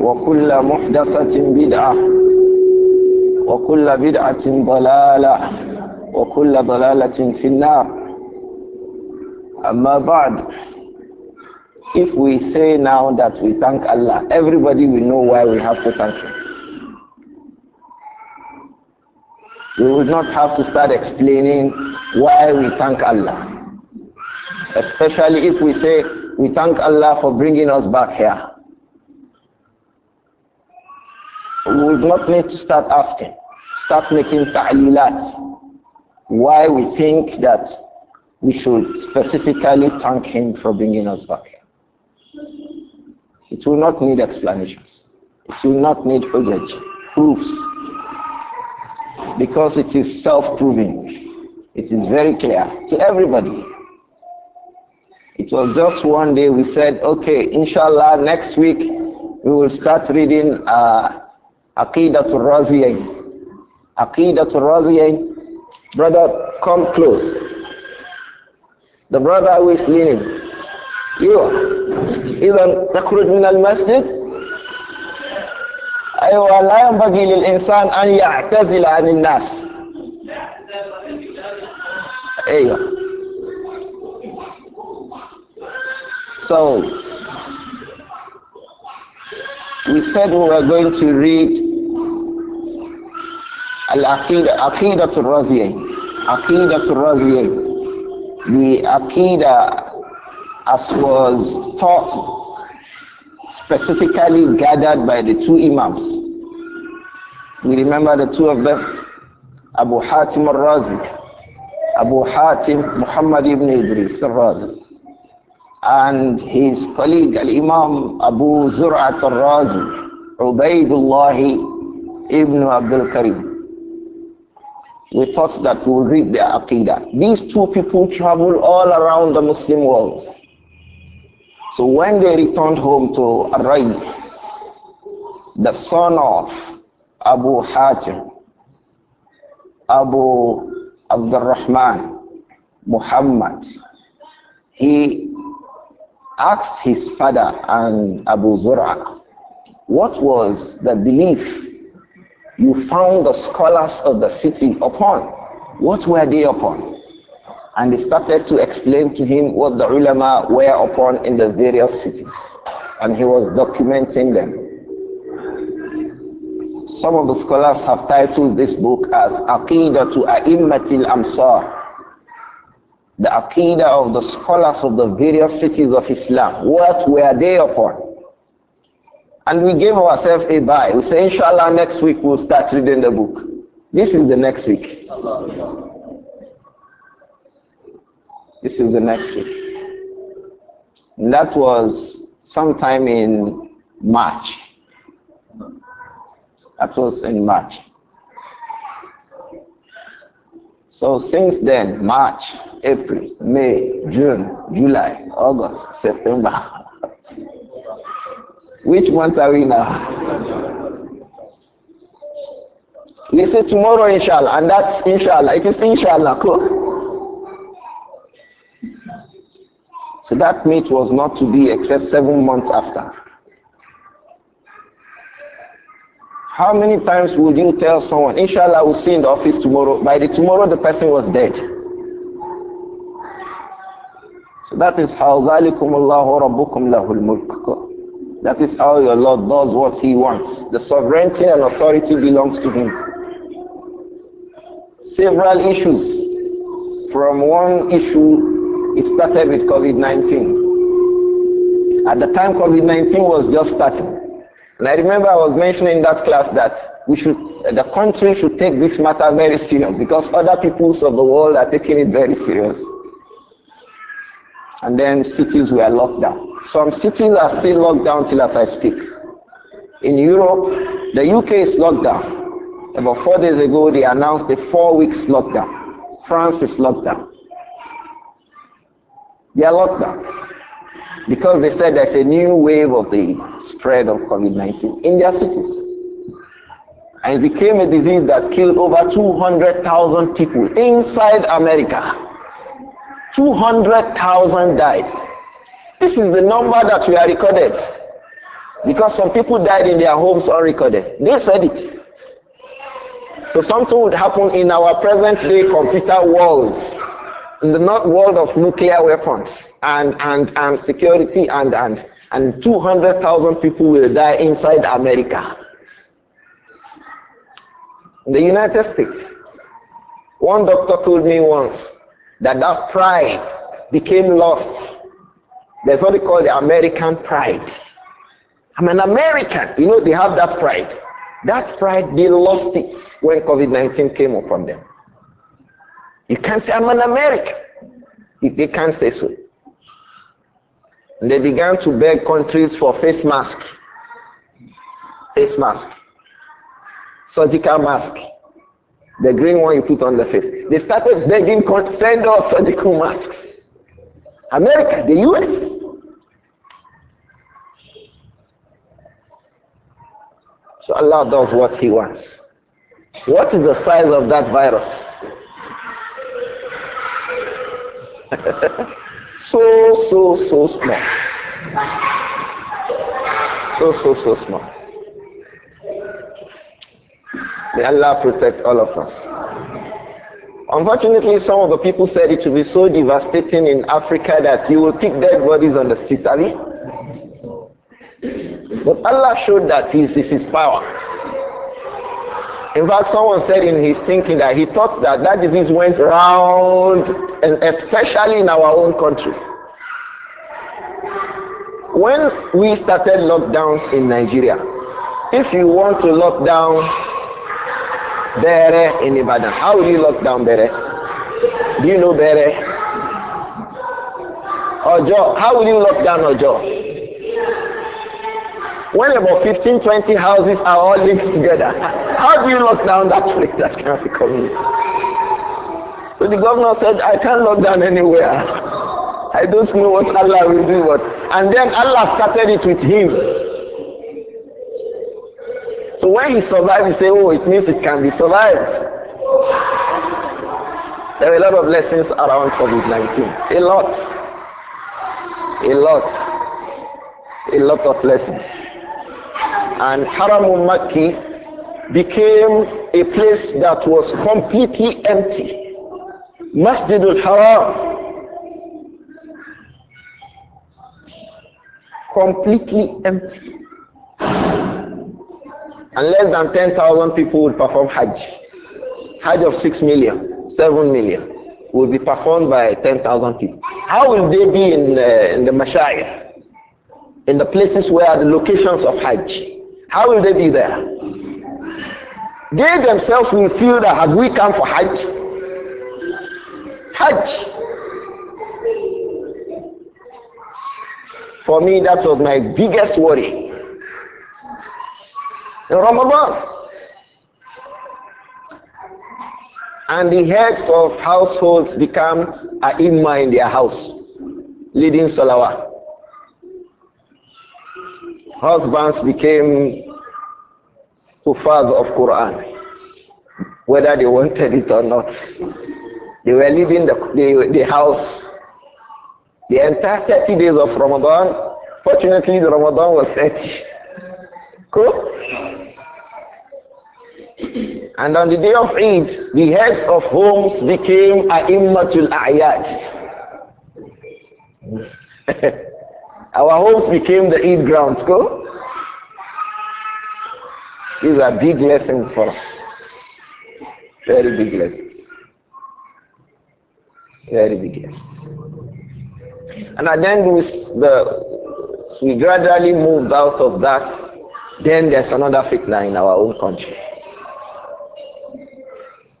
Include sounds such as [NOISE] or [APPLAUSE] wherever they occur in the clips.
وكل محدثة بدعة وكل بدعة ضلالة وكل ضلالة في النار أما بعد If we say now that we thank Allah, everybody will know why we have to thank Him. We will not have to start explaining why we thank Allah. Especially if we say we thank Allah for bringing us back here. We will not need to start asking. Start making ta'lilat. Why we think that we should specifically thank him for bringing us back here. It will not need explanations. It will not need hujjaj, proofs, because it is self-proving. It is very clear to everybody. It was just one day we said, okay, inshallah, next week we will start reading uh, عقيدة الرازيين عقيدة الرازيين Brother, come close. The brother who is leaning. You. إذا تخرج من المسجد أيوة لا ينبغي للإنسان أن يعتزل عن الناس أيوة So We said we were going to read Al-Aqidah, Aqidah to Raziyah, Aqidah to Raziyah, the Aqidah as was taught specifically gathered by the two Imams. We remember the two of them, Abu Hatim al-Razi, Abu Hatim Muhammad ibn Idris al-Razi and his colleague Al-Imam Abu Zur'at al-Razi, Ubaidullah ibn Abdul Karim. We thought that we would read their Aqidah. These two people travel all around the Muslim world. So when they returned home to Ar-Ray, the son of Abu Hatim, Abu Abdul Rahman, Muhammad, he asked his father and Abu Zura, what was the belief you found the scholars of the city upon? What were they upon? And they started to explain to him what the ulama were upon in the various cities. And he was documenting them. Some of the scholars have titled this book as Aqidah to A'immatil Amsar, the aqidah of the scholars of the various cities of Islam. What were they upon? And we gave ourselves a buy. We say, inshallah, next week we'll start reading the book. This is the next week. This is the next week. And that was sometime in March. That was in March. So since then, March, April, May, June, July, August, September. Which month are we now? We say tomorrow, inshallah, and that's inshallah. It is inshallah. So that meet was not to be except seven months after. How many times would you tell someone, inshallah, we'll see in the office tomorrow? By the tomorrow, the person was dead. So that is how That is how your Lord does what he wants. The sovereignty and authority belongs to him. Several issues. From one issue, it started with COVID-19. At the time, COVID-19 was just starting. And I remember I was mentioning in that class that we should, the country should take this matter very serious because other peoples of the world are taking it very serious. And then cities were locked down. Some cities are still locked down till as I speak. In Europe, the UK is locked down. About four days ago, they announced a four weeks lockdown. France is locked down. They are locked down because they said there's a new wave of the spread of COVID 19 in their cities. And it became a disease that killed over 200,000 people inside America. 200,000 died. This is the number that we are recorded. Because some people died in their homes unrecorded. They said it. So something would happen in our present day computer world, in the not world of nuclear weapons and, and, and security and, and, and 200,000 people will die inside America. In the United States, one doctor told me once that that pride became lost. There's what called call the American pride. I'm an American. You know, they have that pride. That pride, they lost it when COVID 19 came upon them. You can't say, I'm an American. They can't say so. And they began to beg countries for face mask, face mask, surgical mask. The green one you put on the face. They started begging, send us surgical masks. America, the US. So Allah does what He wants. What is the size of that virus? [LAUGHS] so, so, so small. So, so, so small. May Allah protect all of us. Unfortunately, some of the people said it will be so devastating in Africa that you will pick dead bodies on the streets, Ali. But Allah showed that this is His power. In fact, someone said in his thinking that he thought that that disease went round, and especially in our own country. When we started lockdowns in Nigeria, if you want to lock down Bere in Ibadan. How will you lock down Bere? Do you know Bere? Ojo. How will you lock down Ojo? When about 15, 20 houses are all linked together, how do you lock down that place that cannot be community? So the governor said, I can't lock down anywhere. I don't know what Allah will do, what. And then Allah started it with him. So when he survived, he said, Oh, it means it can be survived. There are a lot of lessons around COVID 19. A lot. A lot. A lot of lessons. And Haramu Maki became a place that was completely empty. Masjid al Haram. Completely empty. And less than 10,000 people would perform Hajj. Hajj of 6 million, 7 million will be performed by 10,000 people. How will they be in, uh, in the Mashair? In the places where the locations of Hajj? How will they be there? They themselves will feel that have we come for Hajj? Hajj. For me, that was my biggest worry in Ramadan. And the heads of households become ai am in their house, leading salawah. Husbands became father of Quran, whether they wanted it or not. They were leaving the, the, the house the entire 30 days of Ramadan. Fortunately, the Ramadan was 30. Cool? And on the day of Eid, the heads of homes became A'immatul A'yad. [LAUGHS] Our homes became the Eid grounds. Go. These are big lessons for us. Very big lessons. Very big lessons. And then with the, we gradually moved out of that. Then there's another fitna in our own country.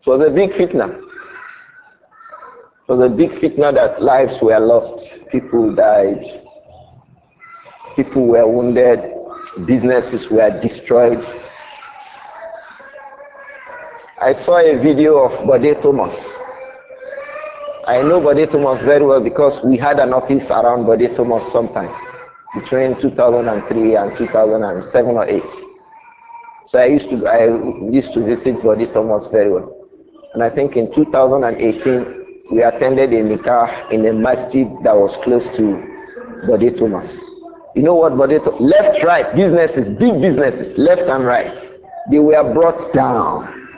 It was a big fitna. It was a big fitna that lives were lost, people died, people were wounded, businesses were destroyed. I saw a video of Bode Thomas. I know Bode Thomas very well because we had an office around Bode Thomas sometime between 2003 and 2007 or 8. So I used to I used to visit Bode Thomas very well. And I think in 2018, we attended a nikah in a masjid that was close to Bode Thomas. You know what Bode Left, right, businesses, big businesses, left and right. They were brought down.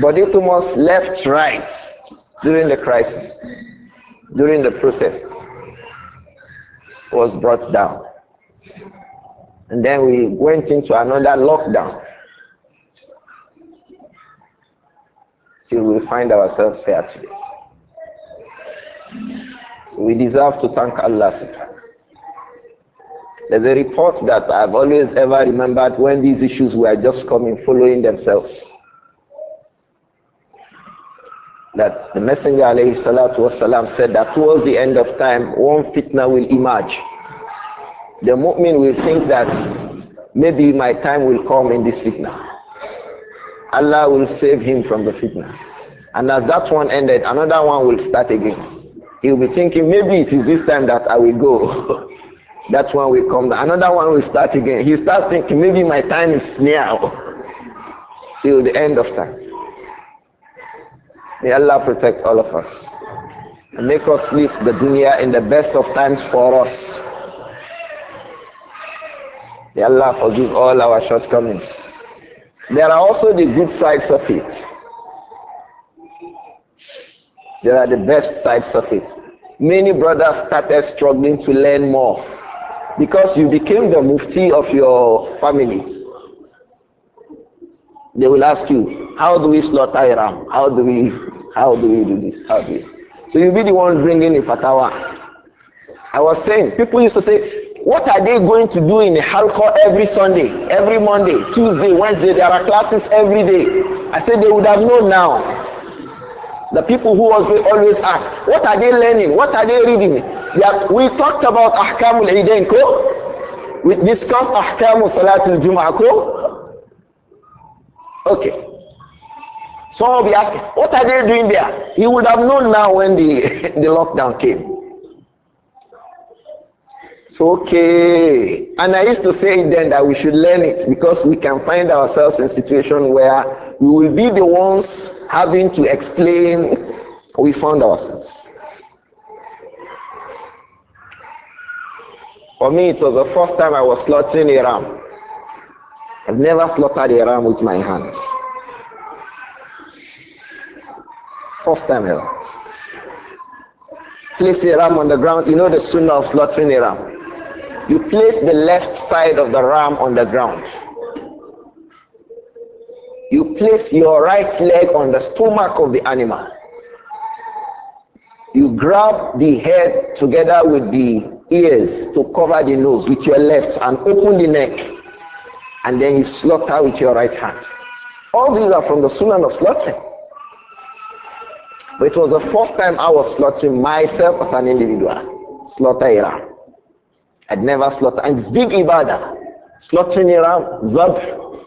Bode Thomas left, right during the crisis, during the protests, was brought down. And then we went into another lockdown. till we find ourselves here today. So we deserve to thank Allah subhanahu. There's a report that I've always ever remembered when these issues were just coming, following themselves. That the Messenger والسلام, said that towards the end of time, one fitna will emerge. The mu'min will think that maybe my time will come in this fitna. Allah will save him from the fitna. And as that one ended, another one will start again. He'll be thinking, maybe it is this time that I will go. [LAUGHS] that one will come. Another one will start again. He starts thinking, maybe my time is near. [LAUGHS] Till the end of time. May Allah protect all of us. And make us live the dunya in the best of times for us. May Allah forgive all our shortcomings. There are also the good sides of it. There are the best sides of it. Many brothers started struggling to learn more because you became the mufti of your family. They will ask you, how do we slaughter a ram? How do we, how do we do this? How do we? So you'll be the one bringing the fatwa. I was saying, people used to say, what are they going to do in Halko every Sunday, every Monday, Tuesday, Wednesday? There are classes every day. I said they would have known now. The people who always ask, what are they learning? What are they reading? That we talked about Ahkamul Eidain ko. We discussed Ahkamul Salatul Jum'ah ko. Okay. Some will be asking, what are they doing there? He would have known now when the, [LAUGHS] the lockdown came. It's okay. And I used to say then that we should learn it because we can find ourselves in a situation where we will be the ones having to explain we found ourselves. For me, it was the first time I was slaughtering a ram. I've never slaughtered a ram with my hand. First time ever. Place a ram on the ground. You know the sunnah of slaughtering a ram you place the left side of the ram on the ground. You place your right leg on the stomach of the animal. You grab the head together with the ears to cover the nose with your left and open the neck. And then you slaughter with your right hand. All these are from the Sunan of slaughtering. But it was the first time I was slaughtering myself as an individual. Slaughter a ram. I'd never slaughter. And it's big ibadah. Slaughtering a ram, zabh.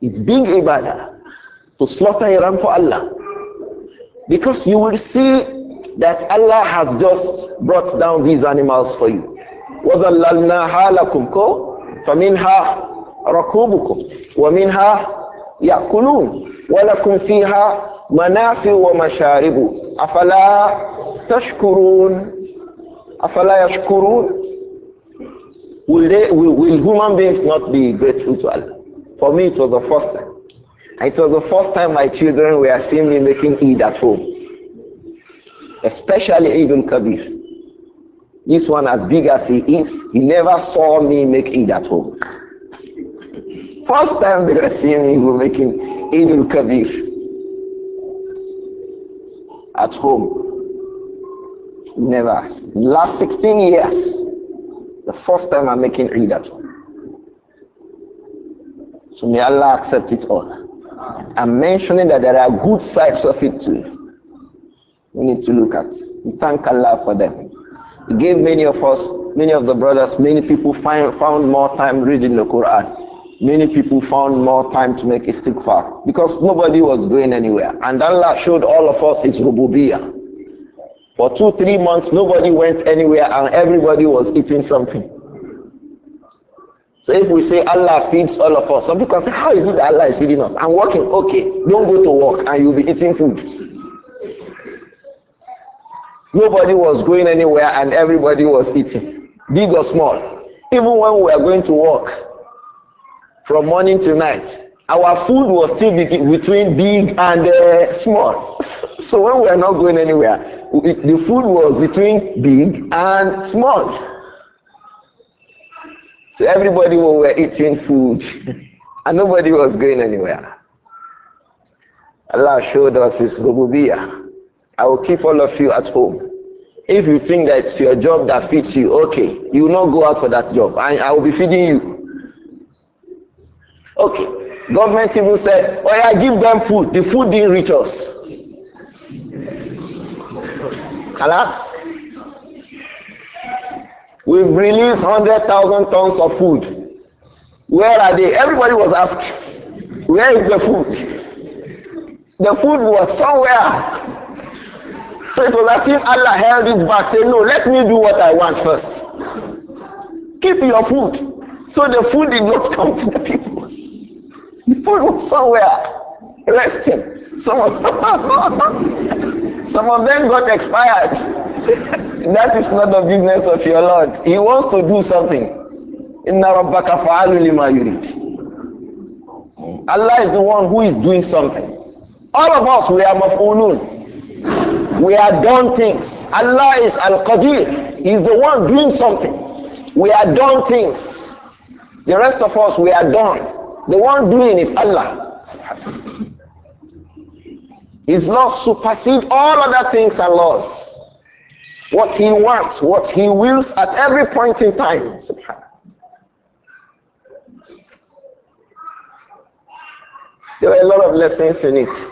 It's big ibadah to slaughter a ram for Allah. Because you will see that Allah has just brought down these animals for you. وَذَلَّلْنَاهَا لَكُمْ كَوْ فَمِنْهَا رَكُوبُكُمْ وَمِنْهَا يَأْكُلُونَ ولكم فيها مَنَافِ ومشارب أفلا تشكرون أفلا يشكرون Will, they, will, will human beings not be grateful to Allah? For me, it was the first time. It was the first time my children were seeing me making Eid at home, especially Ibn Kabir. This one, as big as he is, he never saw me make Eid at home. First time they were seeing me making Eid Kabir at home. Never. Last 16 years. The first time I'm making Eid at all. So may Allah accept it all. I'm mentioning that there are good sides of it too. We need to look at. We thank Allah for them. He gave many of us, many of the brothers, many people find, found more time reading the Quran. Many people found more time to make istighfar because nobody was going anywhere. And Allah showed all of us His rububiyah. For two, three months, nobody went anywhere and everybody was eating something. So if we say Allah feeds all of us, some people say, How is it Allah is feeding us? I'm working. Okay, don't go to work and you'll be eating food. Nobody was going anywhere and everybody was eating, big or small. Even when we were going to work from morning to night, our food was still between big and uh, small. So when we were not going anywhere, it, the food was between big and small. So everybody were eating food [LAUGHS] and nobody was going anywhere. Allah showed us His rububiyah. I will keep all of you at home. If you think that it's your job that fits you, okay, you will not go out for that job. I, I will be feeding you. Okay. Government even said, oh yeah, give them food. The food didn't reach us. Alas, we've released 100,000 tons of food. Where are they? Everybody was asked, Where is the food? The food was somewhere. So it was as if Allah held it back, saying, No, let me do what I want first. Keep your food. So the food did not [LAUGHS] come to the people. The food was somewhere resting. Someone. [LAUGHS] Some of them got expired. that is not the business of your Lord. He wants to do something. Allah is the one who is doing something. All of us, we are maf'ulun. We are done things. Allah is al-qadir. He is the one doing something. We are done things. The rest of us, we are done. The one doing is Allah. His not supersede all other things and laws. What he wants, what he wills at every point in time. There were a lot of lessons in it.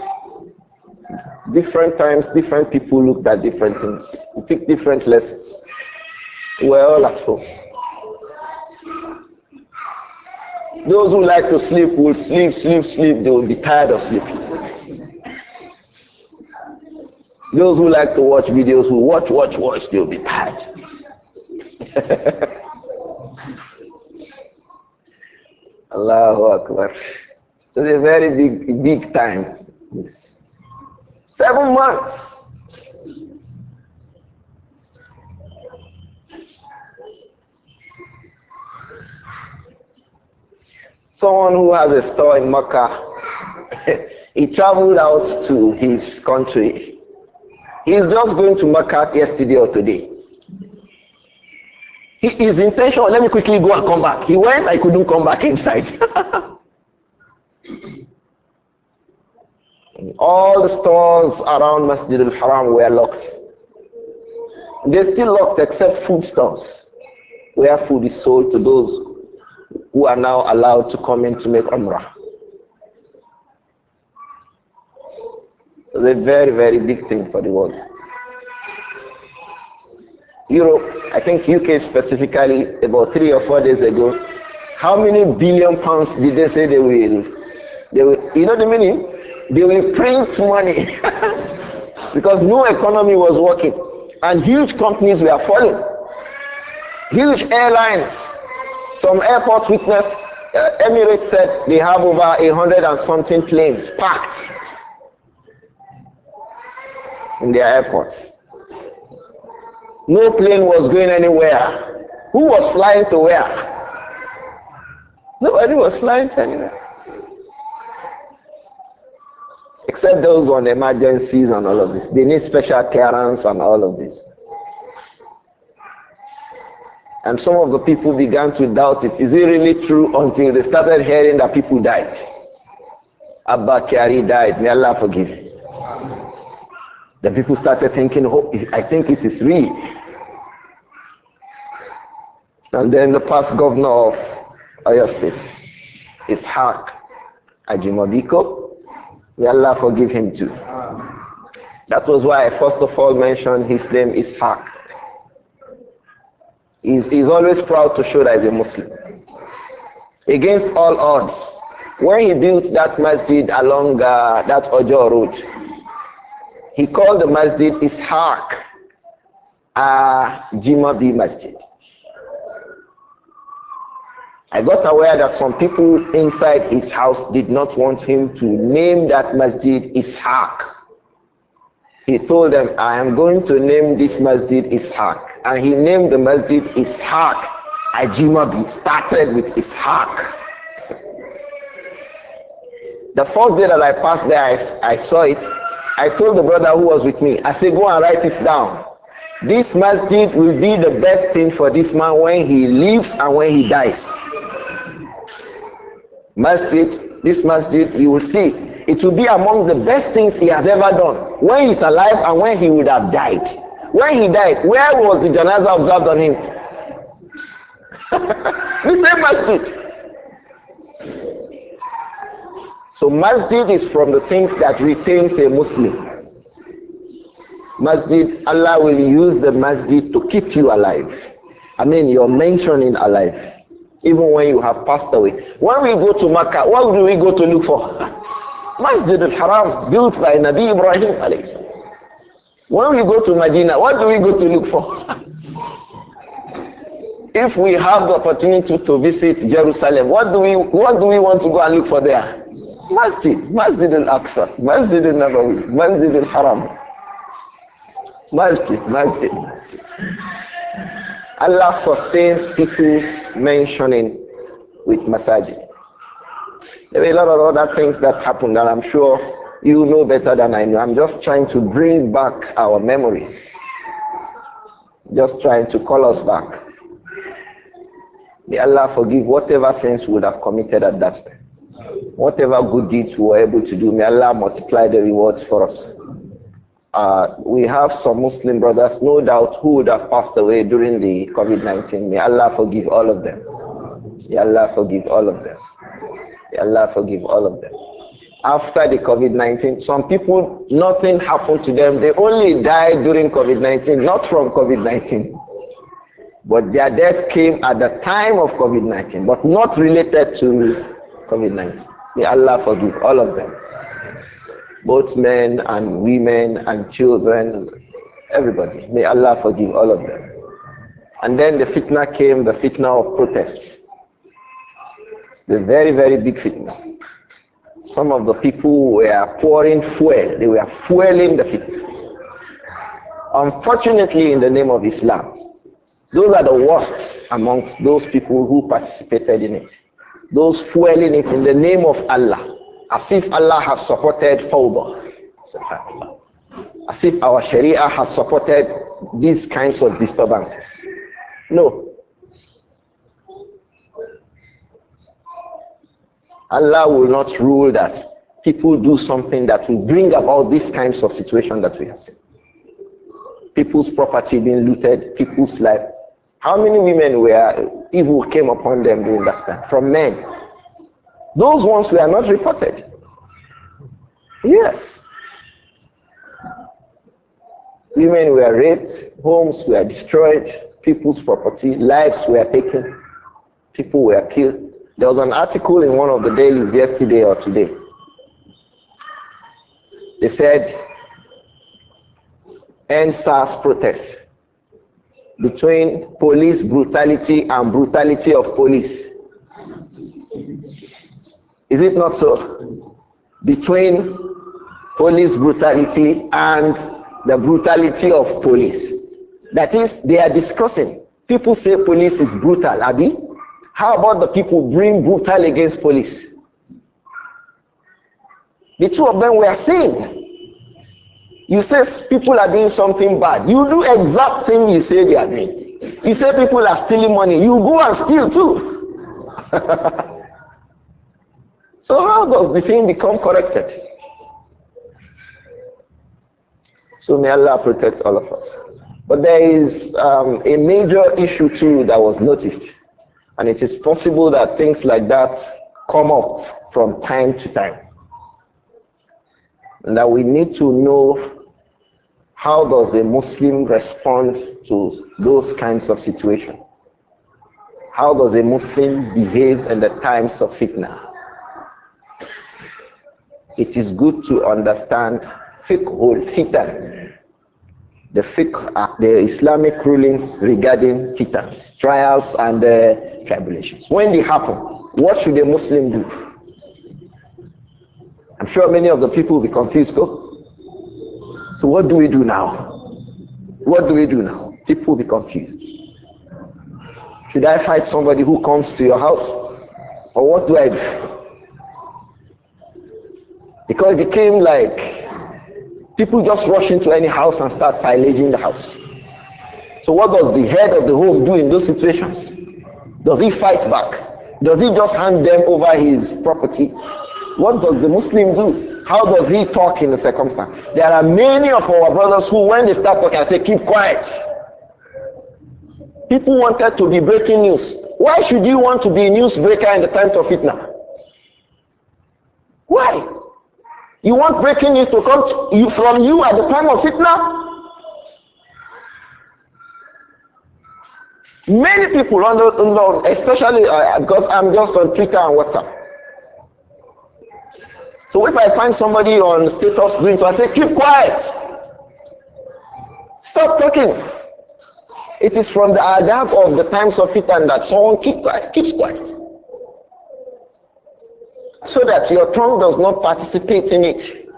Different times, different people looked at different things. We picked different lessons. we're all at home. Those who like to sleep will sleep, sleep, sleep. They will be tired of sleeping. Those who like to watch videos will watch, watch, watch, they'll be tired. [LAUGHS] Allahu Akbar. So it's a very big, big time. It's seven months. Someone who has a store in Makkah, [LAUGHS] he traveled out to his country He's just going to out yesterday or today. He, is intentional. let me quickly go and come back. He went, I couldn't come back inside. [LAUGHS] All the stores around Masjid al Haram were locked. They're still locked except food stores, where food is sold to those who are now allowed to come in to make Umrah. It was a very, very big thing for the world. Europe, I think UK specifically, about three or four days ago, how many billion pounds did they say they will? They will. You know the meaning? They will print money [LAUGHS] because no economy was working, and huge companies were falling. Huge airlines, some airports witnessed. Uh, Emirates said they have over a hundred and something planes parked in their airports. No plane was going anywhere. Who was flying to where? Nobody was flying to anywhere. Except those on emergencies and all of this. They need special clearance and all of this. And some of the people began to doubt it. Is it really true until they started hearing that people died? Abba Kyari died. May Allah forgive him. The people started thinking, oh, I think it is real. And then the past governor of Oyo State, is Ishaq Ajimobiko, may Allah forgive him too. That was why I first of all mentioned his name Ishaq. He's, he's always proud to show that he's a Muslim. Against all odds, when he built that masjid along uh, that Ojo road, he called the masjid Ishaq, uh, Masjid. I got aware that some people inside his house did not want him to name that masjid Ishaq. He told them, I am going to name this masjid Ishaq. And he named the masjid Ishaq. Ajimabi started with Ishaq. The first day that I passed there, I, I saw it. I told the brother who was with me, I said, go and write it down. This masjid will be the best thing for this man when he lives and when he dies. Masjid, this masjid, you will see, it will be among the best things he has ever done when he's alive and when he would have died. When he died, where was the janaza observed on him? [LAUGHS] the same masjid. So masjid is from the things that retains a Muslim. Masjid, Allah will use the masjid to keep you alive. I mean, you're mentioning alive, even when you have passed away. When we go to Makkah? what do we go to look for? [LAUGHS] Masjid al-Haram, built by Nabi Ibrahim alayhi when we go to Medina, what do we go to look for? [LAUGHS] if we have the opportunity to visit Jerusalem, what do we what do we want to go and look for there? Masjid, Masjid al-Aqsa, Masjid al-Nabawi, Masjid al-Haram. Masjid, Masjid, Masjid. Allah sustains people's mentioning with masajid. There are a lot of other things that happened that I'm sure you know better than I know. I'm just trying to bring back our memories. Just trying to call us back. May Allah forgive whatever sins we would have committed at that time. Whatever good deeds we were able to do, may Allah multiply the rewards for us. Uh, we have some Muslim brothers, no doubt, who would have passed away during the COVID 19. May Allah forgive all of them. May Allah forgive all of them. May Allah forgive all of them. After the COVID 19, some people, nothing happened to them. They only died during COVID 19, not from COVID 19. But their death came at the time of COVID 19, but not related to COVID-19. May Allah forgive all of them, both men and women and children, everybody. May Allah forgive all of them. And then the fitna came, the fitna of protests. The very, very big fitna. Some of the people were pouring fuel, they were fueling the fitna. Unfortunately, in the name of Islam, those are the worst amongst those people who participated in it. Those fueling it in the name of Allah, as if Allah has supported fawda. As if our Sharia has supported these kinds of disturbances. No. Allah will not rule that people do something that will bring about these kinds of situations that we have seen. People's property being looted, people's life how many women were evil came upon them during that time? From men. Those ones were not reported. Yes. Women were raped, homes were destroyed, people's property, lives were taken, people were killed. There was an article in one of the dailies yesterday or today. They said, end SARS protests between police brutality and brutality of police. Is it not so? Between police brutality and the brutality of police. That is, they are discussing. People say police is brutal, Abi. How about the people being brutal against police? The two of them were seen. You say people are doing something bad. You do exact thing you say they are doing. You say people are stealing money. You go and steal too. [LAUGHS] so how does the thing become corrected? So may Allah protect all of us. But there is um, a major issue too that was noticed. And it is possible that things like that come up from time to time. And that we need to know how does a Muslim respond to those kinds of situations? How does a Muslim behave in the times of fitna? It is good to understand fiqhul fitan, the fiqh, uh, the Islamic rulings regarding fitans, trials and uh, tribulations. When they happen, what should a Muslim do? I'm sure many of the people will be confused. Go. So what do we do now? What do we do now? People will be confused. Should I fight somebody who comes to your house? Or what do I do? Because it became like people just rush into any house and start pillaging the house. So what does the head of the home do in those situations? Does he fight back? Does he just hand them over his property? What does the Muslim do? How does he talk in the circumstance? There are many of our brothers who, when they start talking, I say, keep quiet. People wanted to be breaking news. Why should you want to be a newsbreaker in the times of it now? Why? You want breaking news to come to you, from you at the time of it now? Many people, especially uh, because I'm just on Twitter and WhatsApp, so if I find somebody on status doing so, I say, keep quiet. Stop talking. It is from the adab of the times of and that someone keep quiet, keeps quiet. So that your tongue does not participate in it.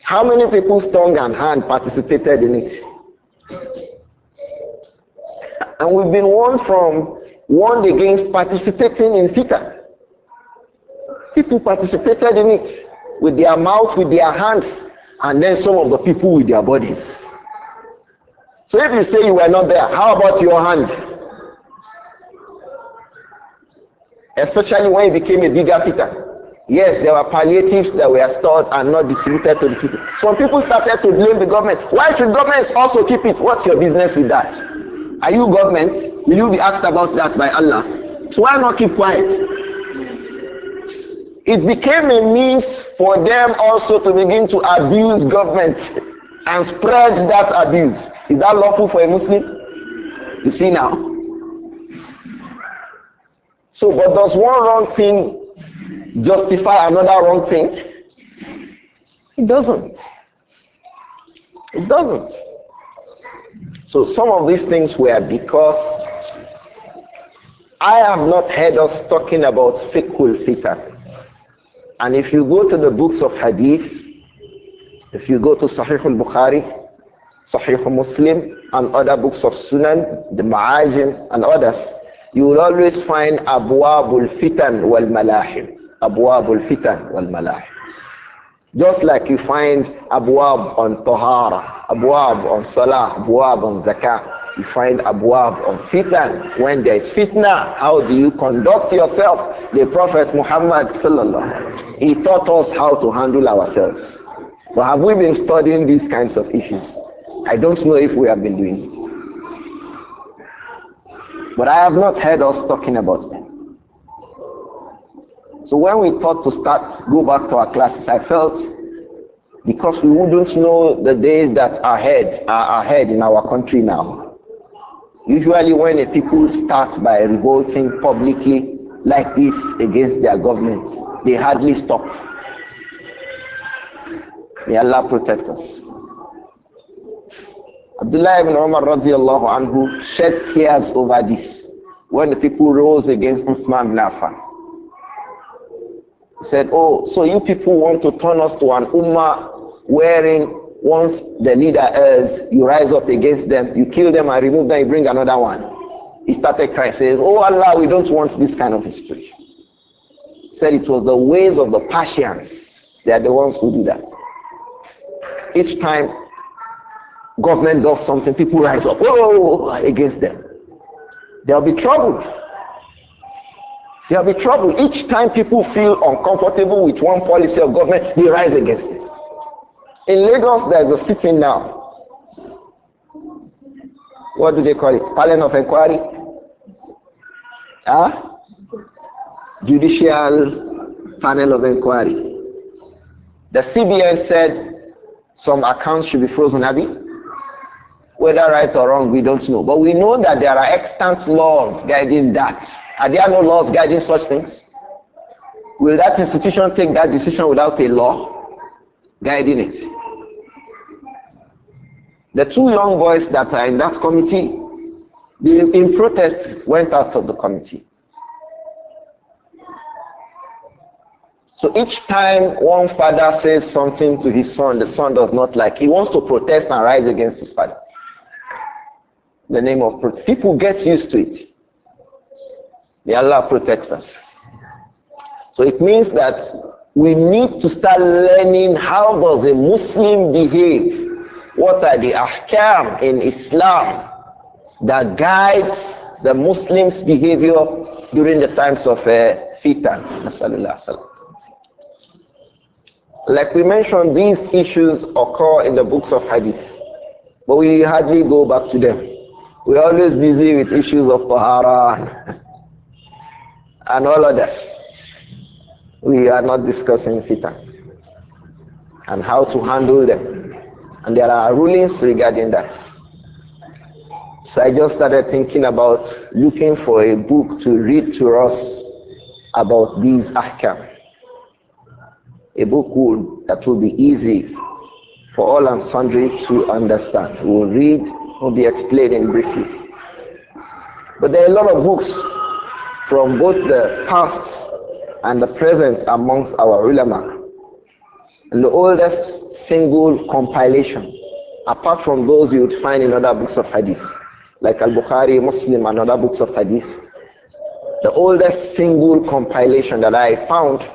How many people's tongue and hand participated in it? And we've been warned from warned against participating in fitan. People participated in it with their mouth, with their hands, and then some of the people with their bodies. So if you say you were not there, how about your hand? Especially when you became a bigger Peter. Yes, there were palliatives that were stored and not distributed to the people. Some people started to blame the government. Why should governments also keep it? What's your business with that? Are you government? Will you be asked about that by Allah? So why not keep quiet? it became a means for them also to begin to abuse government and spread that abuse. Is that lawful for a Muslim? You see now. So, but does one wrong thing justify another wrong thing? It doesn't. It doesn't. So, some of these things were because I have not heard us talking about fickle fitan. And if you go to the books of hadith, if you go to Sahih al-Bukhari, Sahih Muslim, and other books of Sunan, the Ma'ajim, and others, you will always find Abwabul Fitan wal Malahim. Abwabul Fitan wal Malahim. Just like you find Abwab on Tahara, Abwab on Salah, Abwab on Zakah, you find Abuab on fitna. When there is fitna, how do you conduct yourself? The Prophet Muhammad sallallahu he taught us how to handle ourselves. But have we been studying these kinds of issues? I don't know if we have been doing it. But I have not heard us talking about them. So when we thought to start, go back to our classes, I felt because we wouldn't know the days that are ahead are ahead in our country now. Usually, when the people start by revolting publicly like this against their government, they hardly stop. May Allah protect us. Abdullah ibn Umar radiallahu anhu shed tears over this when the people rose against Uthman ibn Affan. He said, Oh, so you people want to turn us to an ummah wearing once the leader errs, you rise up against them, you kill them and remove them, you bring another one. He started crying, saying, Oh Allah, we don't want this kind of history. Said it was the ways of the Persians. They are the ones who do that. Each time government does something, people rise up oh, oh, oh, oh against them. There'll be trouble. There'll be trouble. Each time people feel uncomfortable with one policy of government, they rise against it. In Lagos, there's a sitting now. What do they call it? Panel of inquiry? Huh? Judicial panel of inquiry. The CBN said some accounts should be frozen, Abby. Whether right or wrong, we don't know. But we know that there are extant laws guiding that. Are there no laws guiding such things? Will that institution take that decision without a law guiding it? The two young boys that are in that committee, they, in protest, went out of the committee. So each time one father says something to his son, the son does not like. He wants to protest and rise against his father. The name of protest. People get used to it. May Allah protect us. So it means that we need to start learning how does a Muslim behave what are the ahkam in Islam that guides the Muslims' behavior during the times of uh, fitan? Like we mentioned, these issues occur in the books of hadith, but we hardly go back to them. We're always busy with issues of tahara [LAUGHS] and all others. We are not discussing fitan and how to handle them. And there are rulings regarding that. So I just started thinking about looking for a book to read to us about these ahkam. A book will, that will be easy for all and sundry to understand. We will read, will be explaining briefly. But there are a lot of books from both the past and the present amongst our ulama. And the oldest single compilation, apart from those you would find in other books of hadith, like Al-Bukhari, Muslim, and other books of hadith. The oldest single compilation that I found,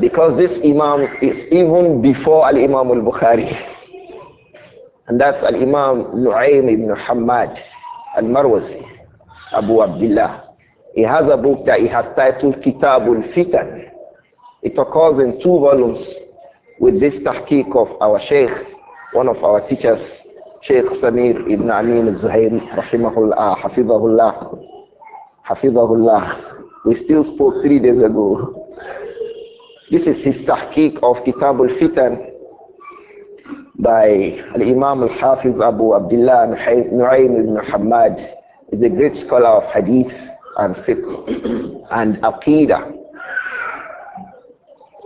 because this Imam is even before Al-Imam Al-Bukhari, and that's Al-Imam Nu'aym ibn Hamad Al-Marwazi, Abu Abdullah. He has a book that he has titled Kitabul Fitan. It occurs in two volumes with this tahqiq of our Sheikh, one of our teachers, Sheikh Samir ibn Amin Zuhair, rahimahullah, hafidhahullah, hafidhahullah. We still spoke three days ago. This is his tahqiq of Kitab al-Fitan by Al-Imam al-Hafiz Abu Abdullah Nu'aym ibn Muhammad. is a great scholar of hadith and fiqh and aqidah.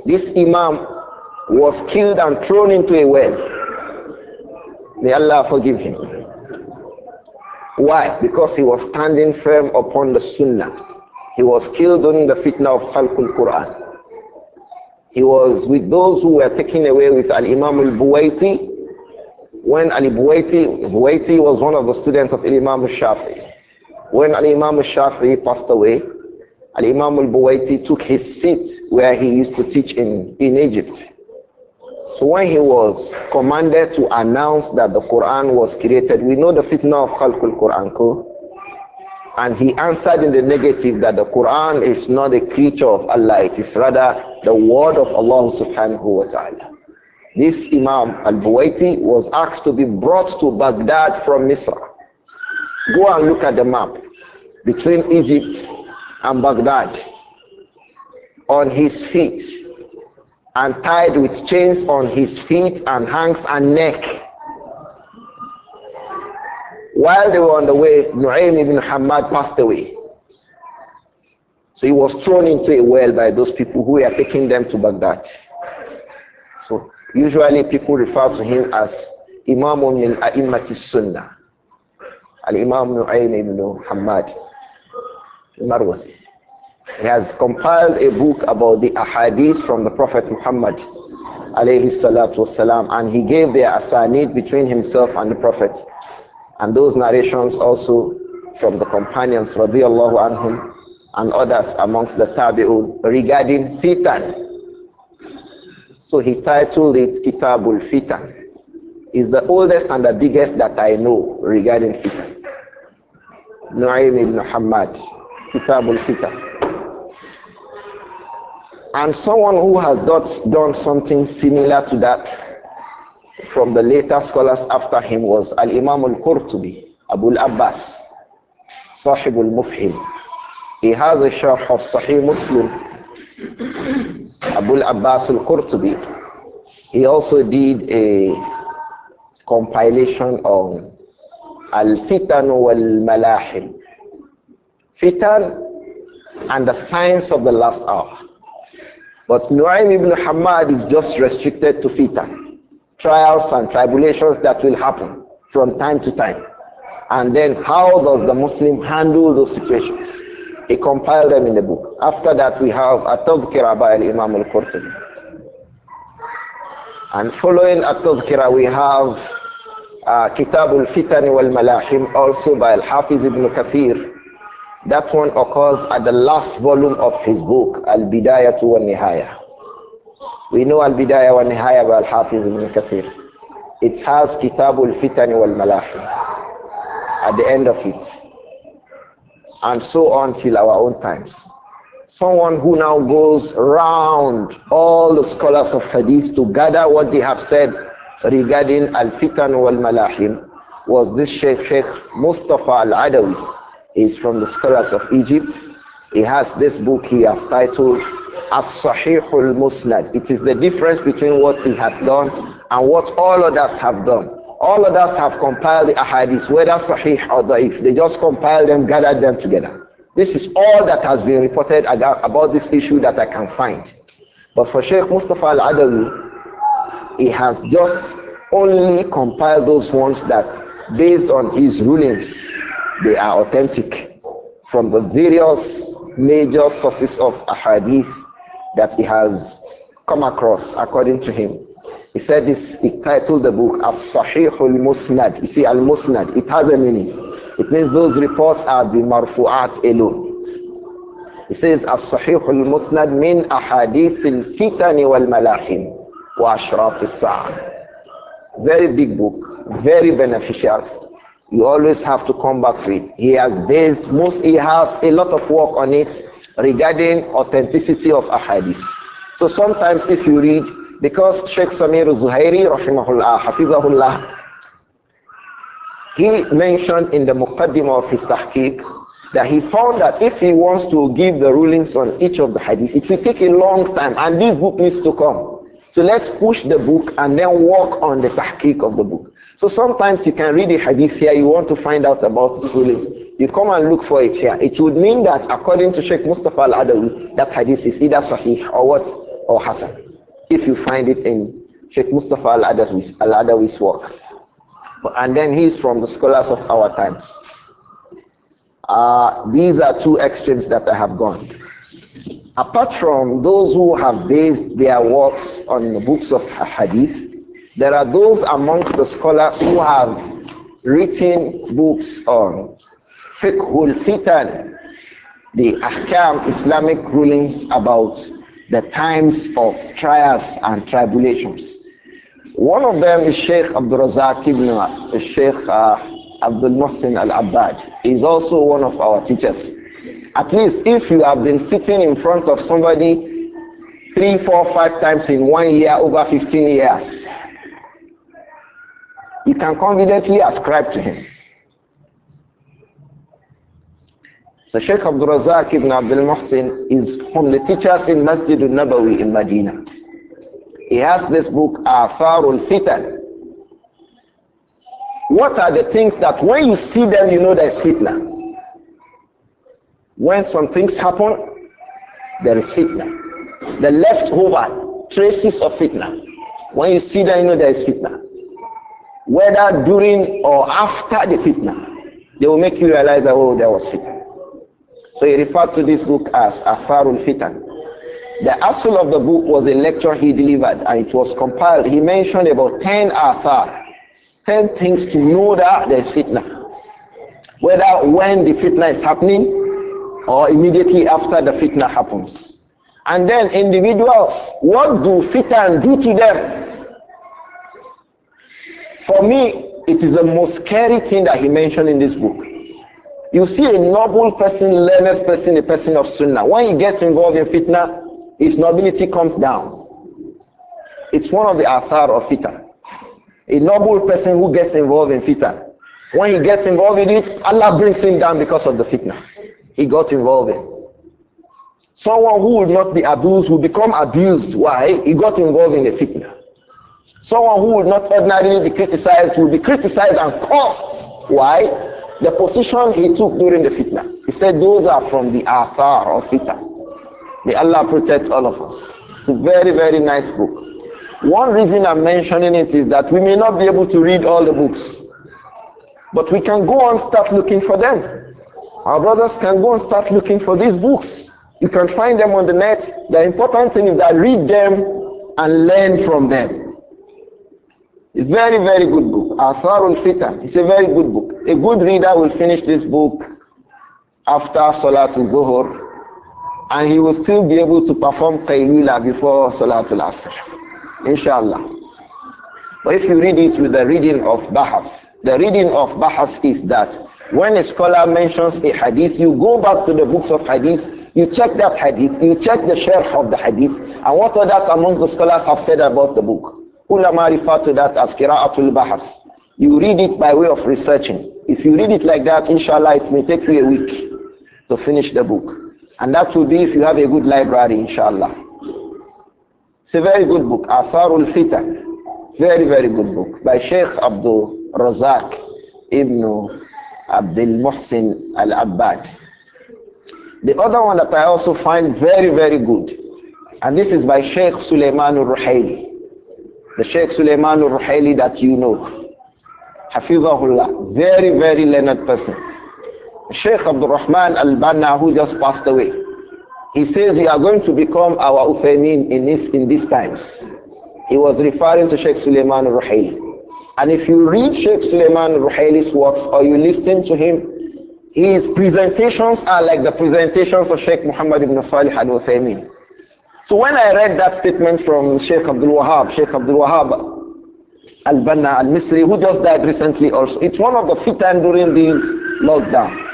This Imam was killed and thrown into a well. May Allah forgive him. Why? Because he was standing firm upon the Sunnah. He was killed during the fitna of Khalqul Quran. He was with those who were taken away with Al Imam al Buwaiti when Ali Buwaiti, was one of the students of Imam al-Shafi'i. When Al Imam al-Shafi'i passed away, Al Imam al-Buwaiti took his seat where he used to teach in, in Egypt. So when he was commanded to announce that the Quran was created, we know the fitna of Khalqul Quran. And he answered in the negative that the Quran is not a creature of Allah, it is rather the word of Allah subhanahu wa ta'ala. This Imam al-Buwaiti was asked to be brought to Baghdad from Misra. Go and look at the map between Egypt and Baghdad on his feet and tied with chains on his feet and hands and neck. While they were on the way, Nu'aym ibn Hamad passed away. So he was thrown into a well by those people who were taking them to Baghdad. So usually people refer to him as Imam min A'immati Sunnah. Al Imam Nu'aym ibn Hamad. He has compiled a book about the ahadith from the Prophet Muhammad alayhi salatu wasalam, and he gave the asanid between himself and the Prophet. And those narrations also from the companions radiallahu anhum and others amongst the tabi'un regarding fitan. So he titled it Kitabul Fitan. It's the oldest and the biggest that I know regarding fitan. Nu'aym ibn Kitabul Fitan. And someone who has not done something similar to that from the later scholars after him was Al Imam Al Qurtubi, Abu Al Abbas, Sahib Al Mufhim. He has a sharh of Sahih Muslim, Abu Al Abbas Al Qurtubi. He also did a compilation on Al Fitan wal Malahim, Fitan and the science of the last hour. But Nu'aym ibn Hamad is just restricted to fitan, trials and tribulations that will happen from time to time. And then how does the Muslim handle those situations? He compiled them in the book. After that, we have At-Tadhkira by Imam al-Qurtubi. And following At-Tadhkira, we have uh, Kitab al-Fitan wal-Malahim, also by Al-Hafiz ibn Kathir, that one occurs at the last volume of his book, Al Bidayah wa Nihaya. We know Al Bidayah wa Nihaya by Al Hafiz ibn Kathir. It has Kitabul Fitan wal Malahi at the end of it. And so on till our own times. Someone who now goes round all the scholars of hadith to gather what they have said regarding Al Fitan wal Malahim was this Sheikh, Sheikh Mustafa Al Adawi is from the scholars of Egypt. He has this book he has titled As-Sahihul Musnad. It is the difference between what he has done and what all others have done. All others have compiled the ahadith, whether sahih or da'if. They just compiled them, gathered them together. This is all that has been reported about this issue that I can find. But for Sheikh Mustafa Al-Adawi, he has just only compiled those ones that, based on his rulings, they are authentic from the various major sources of ahadith that he has come across according to him. He said this, he titled the book as Sahih al-Musnad. You see, al-Musnad, it has a meaning. It means those reports are the marfu'at alone. He says, as-Sahih al-Musnad min ahadith al-fitan wal-malahim wa ashraf al-sa'ah. Very big book, very beneficial. You always have to come back to it. He has based most he has a lot of work on it regarding authenticity of ahadith. So sometimes if you read because Sheikh Samir Zuhairi rahimahullah hafizahullah he mentioned in the Muqaddimah of his tahqiq that he found that if he wants to give the rulings on each of the hadith, it will take a long time, and this book needs to come. So let's push the book and then work on the tahqiq of the book. So sometimes you can read the hadith here, you want to find out about its ruling. You come and look for it here. It would mean that according to Sheikh Mustafa Al Adawi, that hadith is either Sahih or what? Or Hassan. If you find it in Sheikh Mustafa Al Adawi's, Al -Adawi's work. And then he is from the scholars of our times. Uh, these are two extremes that I have gone. Apart from those who have based their works on the books of hadith, there are those amongst the scholars who have written books on fiqhul fitan, the ahkam Islamic rulings about the times of trials and tribulations. One of them is Sheikh Abdul Razak ibn uh, Sheikh uh, Abdul al-Abbad. He's also one of our teachers. At least if you have been sitting in front of somebody three, four, five times in one year over 15 years, you can confidently ascribe to him. The Sheikh Abdul Razak ibn Abdul Muhsin is from the teachers in Masjid al-Nabawi in Medina. He has this book, Atharul Fitan. What are the things that when you see them, you know there's fitna? When some things happen, there is fitna. The leftover traces of fitna. When you see them, you know there is fitna whether during or after the fitna, they will make you realize that oh, there was fitna. So he referred to this book as Afarul Fitan. The asul of the book was a lecture he delivered and it was compiled. He mentioned about 10 athar, 10 things to know that there is fitna. Whether when the fitna is happening or immediately after the fitna happens. And then individuals, what do fitan do to them? For me, it is the most scary thing that he mentioned in this book. You see a noble person, learned person, a person of sunnah. When he gets involved in fitna, his nobility comes down. It's one of the athar of fitna. A noble person who gets involved in fitna, when he gets involved in it, Allah brings him down because of the fitna he got involved in. Someone who will not be abused will become abused. Why? He got involved in the fitna. Someone who would not ordinarily be criticized will be criticized and cursed. Why? The position he took during the fitna. He said those are from the Athar of fitna. May Allah protect all of us. It's a very, very nice book. One reason I'm mentioning it is that we may not be able to read all the books, but we can go and start looking for them. Our brothers can go and start looking for these books. You can find them on the net. The important thing is that read them and learn from them. A very, very good book. Asarul Fitan. It's a very good book. A good reader will finish this book after Salatul Zuhur and he will still be able to perform Qaylula before Salatul Asr. Inshallah. But if you read it with the reading of Bahas, the reading of Bahas is that when a scholar mentions a hadith, you go back to the books of hadith, you check that hadith, you check the share of the hadith, and what others amongst the scholars have said about the book. Ulama refer to that as Qira'atul Bahas. You read it by way of researching. If you read it like that, inshallah, it may take you a week to finish the book. And that will be if you have a good library, inshallah. It's a very good book, Atharul Fitan. Very, very good book by Sheikh Abdul Razak Ibn Abdul Muhsin Al Abbad. The other one that I also find very, very good, and this is by Sheikh Sulaiman Al Ruhaili. The Sheikh Suleiman al-Ruhaili that you know. Hafizahullah. Very, very learned person. The Sheikh Abdul Rahman al-Banna who just passed away. He says we are going to become our Uthaymeen in, this, in these times. He was referring to Sheikh Suleiman al-Ruhaili. And if you read Sheikh Suleiman Ruhaili's works or you listen to him, his presentations are like the presentations of Sheikh Muhammad ibn Salih al-Uthaymeen. So when I read that statement from Sheikh Abdul Wahab, Sheikh Abdul Wahab Al-Banna Al-Misri, who just died recently also, it's one of the fitan during this lockdown.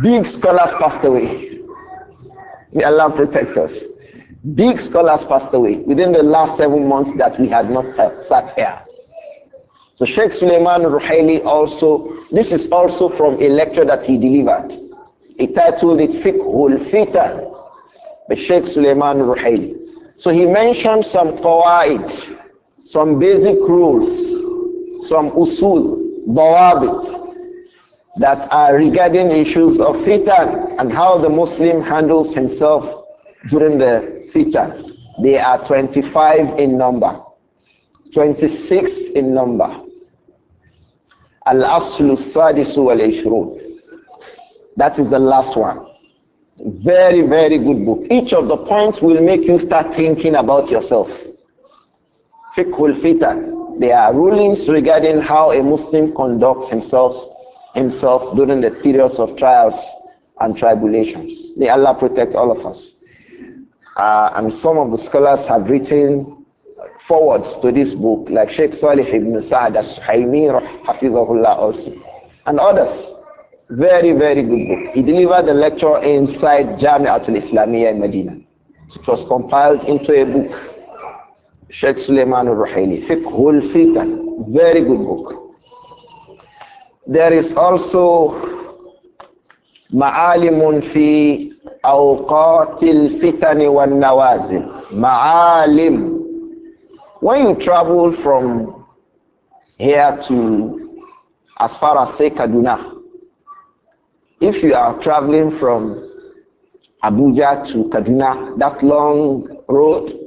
Big scholars passed away. May Allah protect us. Big scholars passed away within the last seven months that we had not sat here. So Sheikh Suleiman Ruhaili also, this is also from a lecture that he delivered. He titled it Fiqhul Fitan. Sheikh Suleiman Ruhaili. So he mentioned some qawaid, some basic rules, some usul, dawabit, that are regarding issues of fitan and how the Muslim handles himself during the fitan. They are 25 in number, 26 in number. Al-Aslu Sadisu al That is the last one. Very, very good book. Each of the points will make you start thinking about yourself. Fiqhul Fitan. There are rulings regarding how a Muslim conducts himself, himself during the periods of trials and tribulations. May Allah protect all of us. Uh, and some of the scholars have written forwards to this book, like Sheikh Salih ibn Sa'ad as-Suhaimi, hafizahullah also, and others. Very, very good book. He delivered the lecture inside Jami'atul Islamiyya in Medina. It was compiled into a book. Sheikh Suleiman al-Ruhaili, Fiqhul Fitan. Very good book. There is also Ma'alimun fi awqatil fitani wa nawazil. Ma'alim. When you travel from here to as far as say Kaduna, if you are traveling from Abuja to Kaduna, that long road,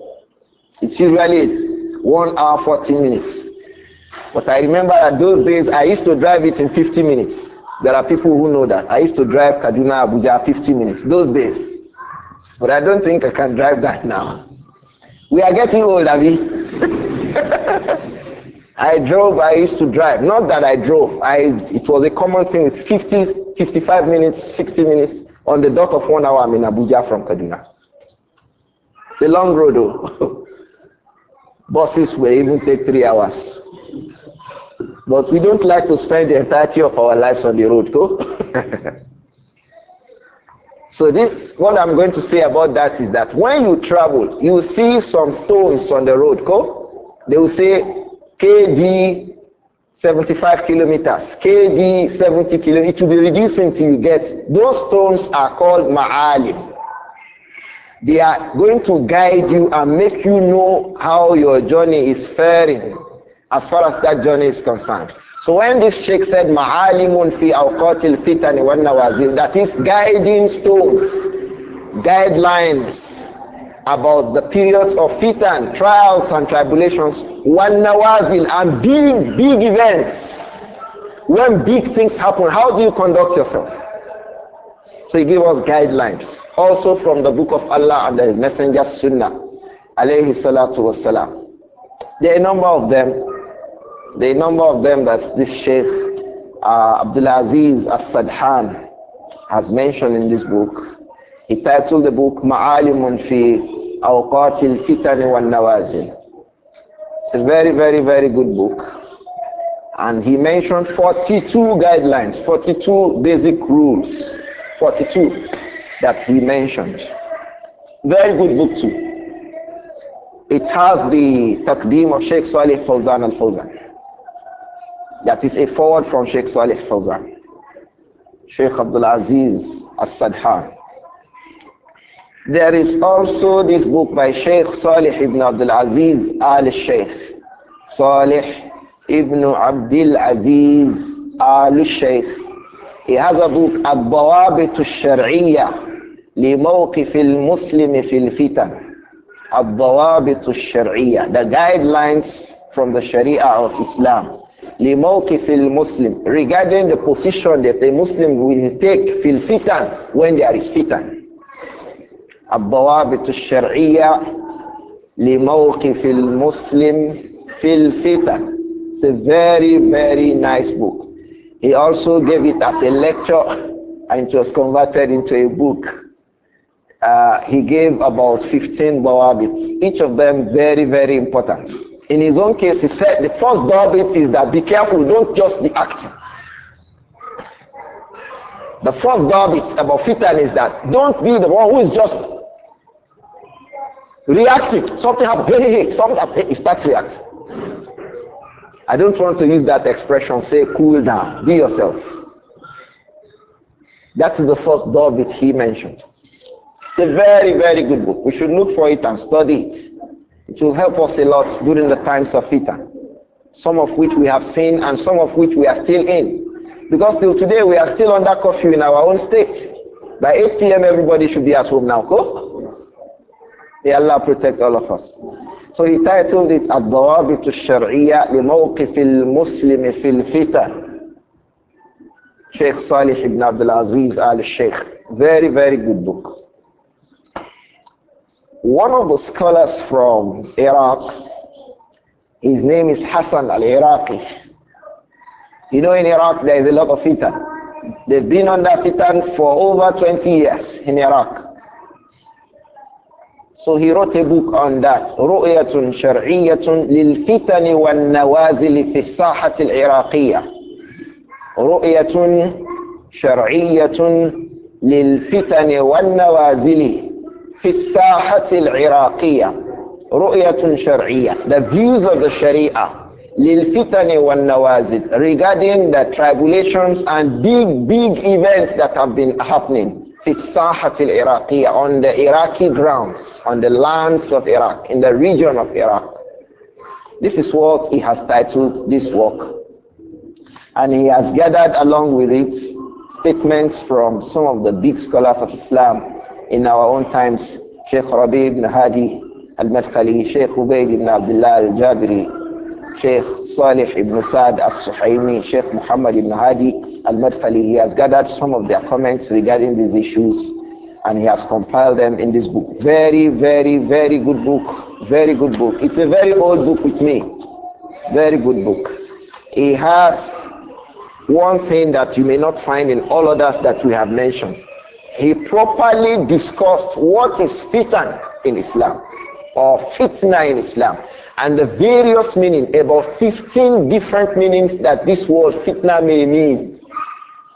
it's usually one hour, 40 minutes. But I remember that those days I used to drive it in 50 minutes. There are people who know that. I used to drive Kaduna Abuja 50 minutes, those days. But I don't think I can drive that now. We are getting old, Abby. [LAUGHS] I drove, I used to drive. Not that I drove, I it was a common thing 50, 55 minutes, 60 minutes on the dot of one hour. I'm in Abuja from Kaduna. It's a long road though. [LAUGHS] Buses will even take three hours. But we don't like to spend the entirety of our lives on the road, go. [LAUGHS] so this what I'm going to say about that is that when you travel, you see some stones on the road, go. They will say KD 75 kilometers, KD 70 kilometers. It will be reduced until you get those stones are called ma'alim. They are going to guide you and make you know how your journey is faring as far as that journey is concerned. So when this sheikh said ma'alimun fi awqatil fitani wa nawazil, that is guiding stones, guidelines about the periods of fitan, trials and tribulations, one nawazil and big, big events. When big things happen, how do you conduct yourself? So he gave us guidelines, also from the book of Allah and the Messenger, Sunnah, alayhi salatu wasalam. There are a number of them. There are a number of them that this Sheikh uh, Aziz As-Sadhan has mentioned in this book. He titled the book Ma'alimun fi Awqatil Fitan wal Nawazil. It's a very, very, very good book. And he mentioned 42 guidelines, 42 basic rules, 42 that he mentioned. Very good book too. It has the takdim of Sheikh Saleh Fawzan al-Fawzan. That is a forward from Sheikh Saleh Fawzan. Sheikh Abdul Aziz As-Sadhan. There is also this book by Sheikh Salih ibn Abdul Aziz al Sheikh. Salih ibn Abdul Aziz al Sheikh. He has a book, الضوابط الشرعية لموقف المسلم في الفتن. الضوابط الشرعية, the guidelines from the Sharia of Islam. لموقف المسلم regarding the position that a Muslim will take في الفتن when there is fitan. الضوابط الشرعية لموقف المسلم في الفتن It's a very, very nice book. He also gave it as a lecture and it was converted into a book. Uh, he gave about 15 dawabits, each of them very, very important. In his own case, he said the first dawabit is that be careful, don't just be acting. The first dawabit about fitan is that don't be the one who is just Reactive. Something happened. Hey, hey, hey. Something happened. Hey, it reacting. I don't want to use that expression. Say, cool down. Be yourself. That is the first David he mentioned. It's a very, very good book. We should look for it and study it. It will help us a lot during the times of Peter, some of which we have seen and some of which we are still in. Because till today we are still under curfew in our own state. By 8 p.m., everybody should be at home now. Go. May Allah protect all of us. So he titled it الضوابط الشرعية لموقف Muslim fil Fita." Sheikh Salih ibn Abdul Aziz al Sheikh. Very, very good book. One of the scholars from Iraq, his name is Hassan al Iraqi. You know, in Iraq, there is a lot of fitan. They've been under fitan for over 20 years in Iraq. So he wrote a book on that. رؤية شرعية للفتن والنوازل في الساحة العراقية. رؤية شرعية للفتن والنوازل في الساحة العراقية. رؤية شرعية. The views of the Sharia. للفتن والنوازل regarding the tribulations and big big events that have been happening Sahat al-Iraqi on the Iraqi grounds, on the lands of Iraq, in the region of Iraq. This is what he has titled this work. And he has gathered along with it statements from some of the big scholars of Islam in our own times, Sheikh Rabi ibn Hadi al-Madkhali, Sheikh Ubaid ibn Abdullah al-Jabiri, Sheikh Salih ibn Saad al-Suhaimi, Sheikh Muhammad ibn Hadi, Al-Madfali, he has gathered some of their comments regarding these issues and he has compiled them in this book. Very, very, very good book. Very good book. It's a very old book with me. Very good book. It has one thing that you may not find in all others that we have mentioned. He properly discussed what is fitan in Islam or fitna in Islam and the various meaning, about 15 different meanings that this word fitna may mean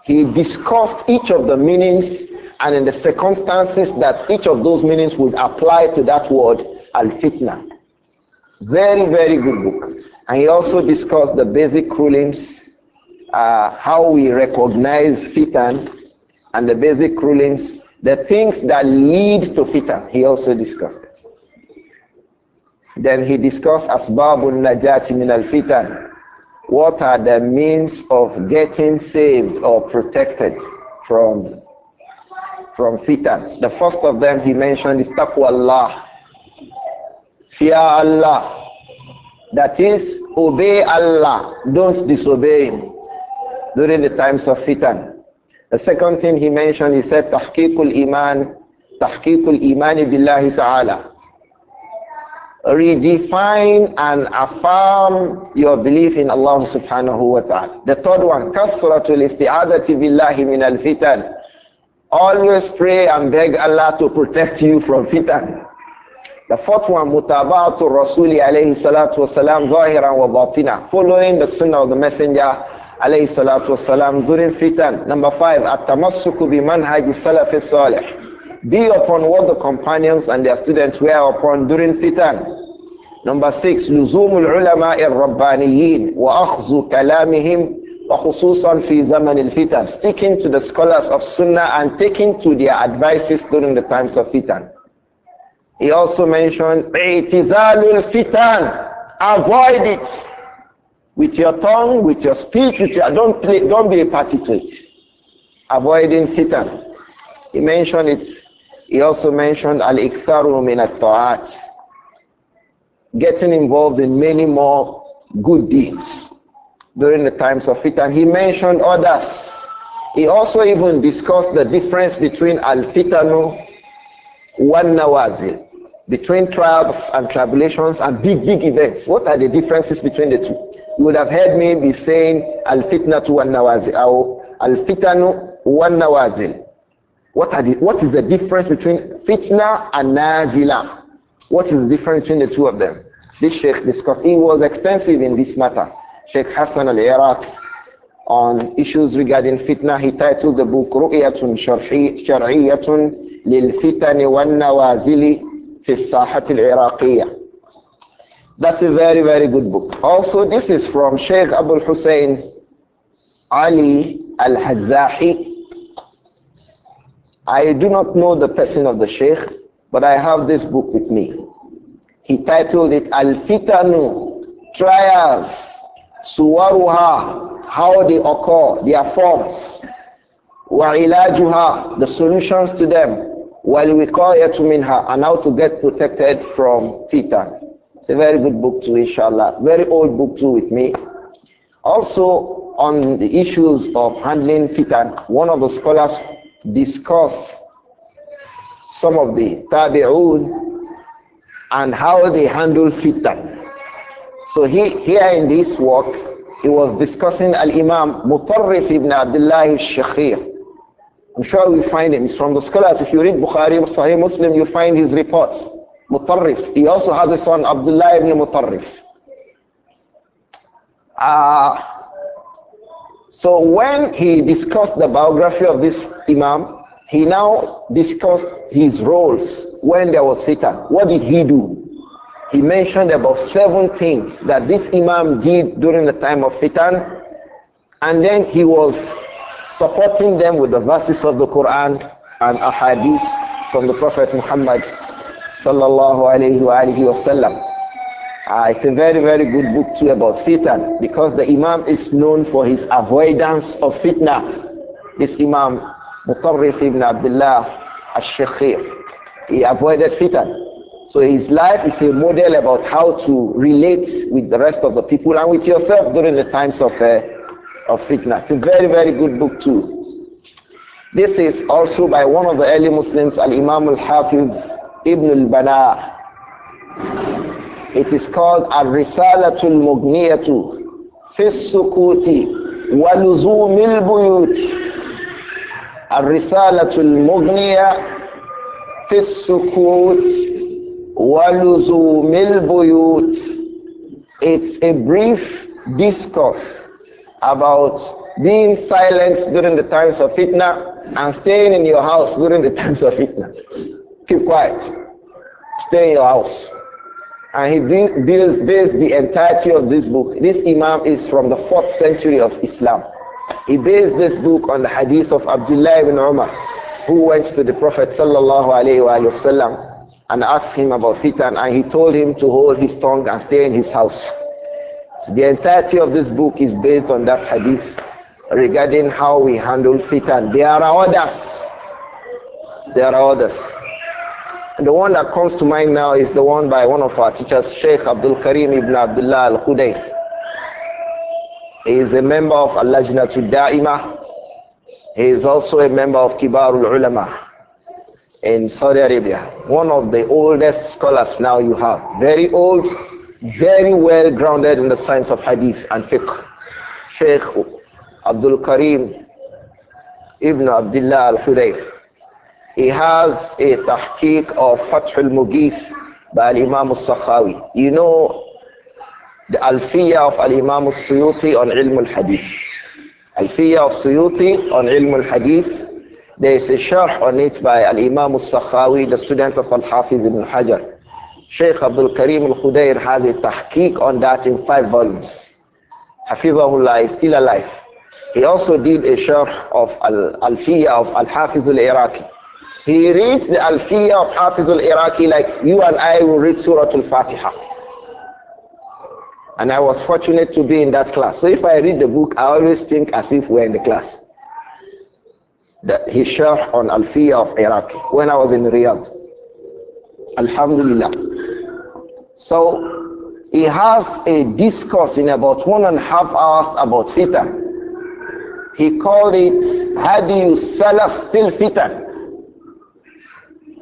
he discussed each of the meanings and in the circumstances that each of those meanings would apply to that word al-fitna. Very, very good book. And he also discussed the basic rulings, uh, how we recognize fitan, and the basic rulings, the things that lead to fitan. He also discussed it. Then he discussed asbabun najati min al-fitan what are the means of getting saved or protected from from fitan? The first of them he mentioned is taqwa Allah. Fear Allah. That is, obey Allah. Don't disobey Him during the times of fitan. The second thing he mentioned, he said, tahqiqul iman, tahqiqul iman billahi ta'ala redefine and affirm your belief in Allah subhanahu wa ta'ala. The third one, kasratul isti'adati billahi min al-fitan. Always pray and beg Allah to protect you from fitan. The fourth one, mutaba'atu rasuli alayhi salatu wasalam zahiran wa batina. Following the sunnah of the messenger alayhi salatu wasalam during fitan. Number five, at-tamassuku bi manhaji salafi salih be upon what the companions and their students were upon during fitan. Number six, لزوم العلماء الربانيين وأخذ كلامهم وخصوصا في زمن الفتن. Sticking to the scholars of Sunnah and taking to their advices during the times of fitan. He also mentioned اعتزال الفتن. Avoid it with your tongue, with your speech, with your, don't play, don't be a party to it. Avoiding fitan. He mentioned it he also mentioned al iktharu min at getting involved in many more good deeds during the times of fitan. He mentioned others. He also even discussed the difference between al fitanu wan nawazil, between trials and tribulations and big big events. What are the differences between the two? You would have heard me be saying al fitnatu wan nawazil, al fitanu wan nawazil. What, are the, what is the difference between fitna and nazila? What is the difference between the two of them? This Sheikh discussed. He was extensive in this matter. Sheikh Hassan al-Iraq on issues regarding fitna. He titled the book Ru'yatun Shar'iyatun lil Fitani wal Nawazili fi Sahat al-Iraqiyya. That's a very, very good book. Also, this is from Sheikh Abu Hussein Ali al-Hazahi I do not know the person of the Sheikh, but I have this book with me. He titled it Al Fitanu Trials, Suwaruha, how they occur, their forms, Wa ilajuha, the solutions to them, while we call minha, and how to get protected from fitan. It's a very good book too, inshallah. Very old book too with me. Also, on the issues of handling fitan, one of the scholars discussed some of the tabi'un and how they handle fitan. So he, here in this work, he was discussing Al-Imam Mutarrif ibn Abdullah al-Shakhir. I'm sure we find him. He's from the scholars. If you read Bukhari Sahih Muslim, you find his reports. Mutarrif. He also has a son, Abdullah ibn Mutarrif. Uh, so when he discussed the biography of this Imam, he now discussed his roles when there was fitan. What did he do? He mentioned about seven things that this Imam did during the time of fitan, and then he was supporting them with the verses of the Quran and ahadith from the Prophet Muhammad sallallahu alaihi wasallam. Ah, it's a very, very good book too about fitna because the Imam is known for his avoidance of fitna. This Imam, Mutarrif ibn Abdullah al-Shakhir, he avoided fitna. So his life is a model about how to relate with the rest of the people and with yourself during the times of, uh, of fitna. It's a very, very good book too. This is also by one of the early Muslims, Al Imam Al Hafiz Ibn Al Bana. It is called Ar-Risalatul Mugniyatu Fissukuti Waluzumil Buyut Ar-Risalatul Mugniya Fissukut Waluzumil Buyut It's a brief discourse about being silent during the times of fitna and staying in your house during the [LAUGHS] times of fitna. Keep quiet. Stay in your house. And he brings, builds, based the entirety of this book. This Imam is from the 4th century of Islam. He based this book on the hadith of Abdullah ibn Umar, who went to the Prophet sallallahu and asked him about fitan, and he told him to hold his tongue and stay in his house. So the entirety of this book is based on that hadith regarding how we handle fitan. There are others. There are others. And the one that comes to mind now is the one by one of our teachers, Sheikh Abdul Karim ibn Abdullah al Khudayr. He is a member of Al Lajnatul Da'ima. He is also a member of Kibarul Ulama in Saudi Arabia. One of the oldest scholars now you have. Very old, very well grounded in the science of hadith and fiqh. Sheikh Abdul Karim ibn Abdullah al Hudayr. He has a tahqiq of Fath al-Mughith by imam al-Sakhawi. You know the Alfiya of imam al-Suyuti on Ilm al-Hadith. Alfiya of Suyuti on Ilm al-Hadith. There is a sharh on it by imam al-Sakhawi, the student of Al-Hafiz ibn Hajar. Sheikh Abdul Karim al-Khudair has a tahqiq on that in five volumes. Hafizahullah is still alive. He also did a sharh of Al-Alfiya of Al-Hafiz al-Iraqi. He reads the Alfiya of Hafiz al-Iraqi like you and I will read Surah al-Fatiha. And I was fortunate to be in that class. So if I read the book, I always think as if we're in the class. The, his sharh on Alfiya of Iraqi when I was in Riyadh. Alhamdulillah. So he has a discourse in about one and a half hours about fitan. He called it Hadi Salaf fil fitan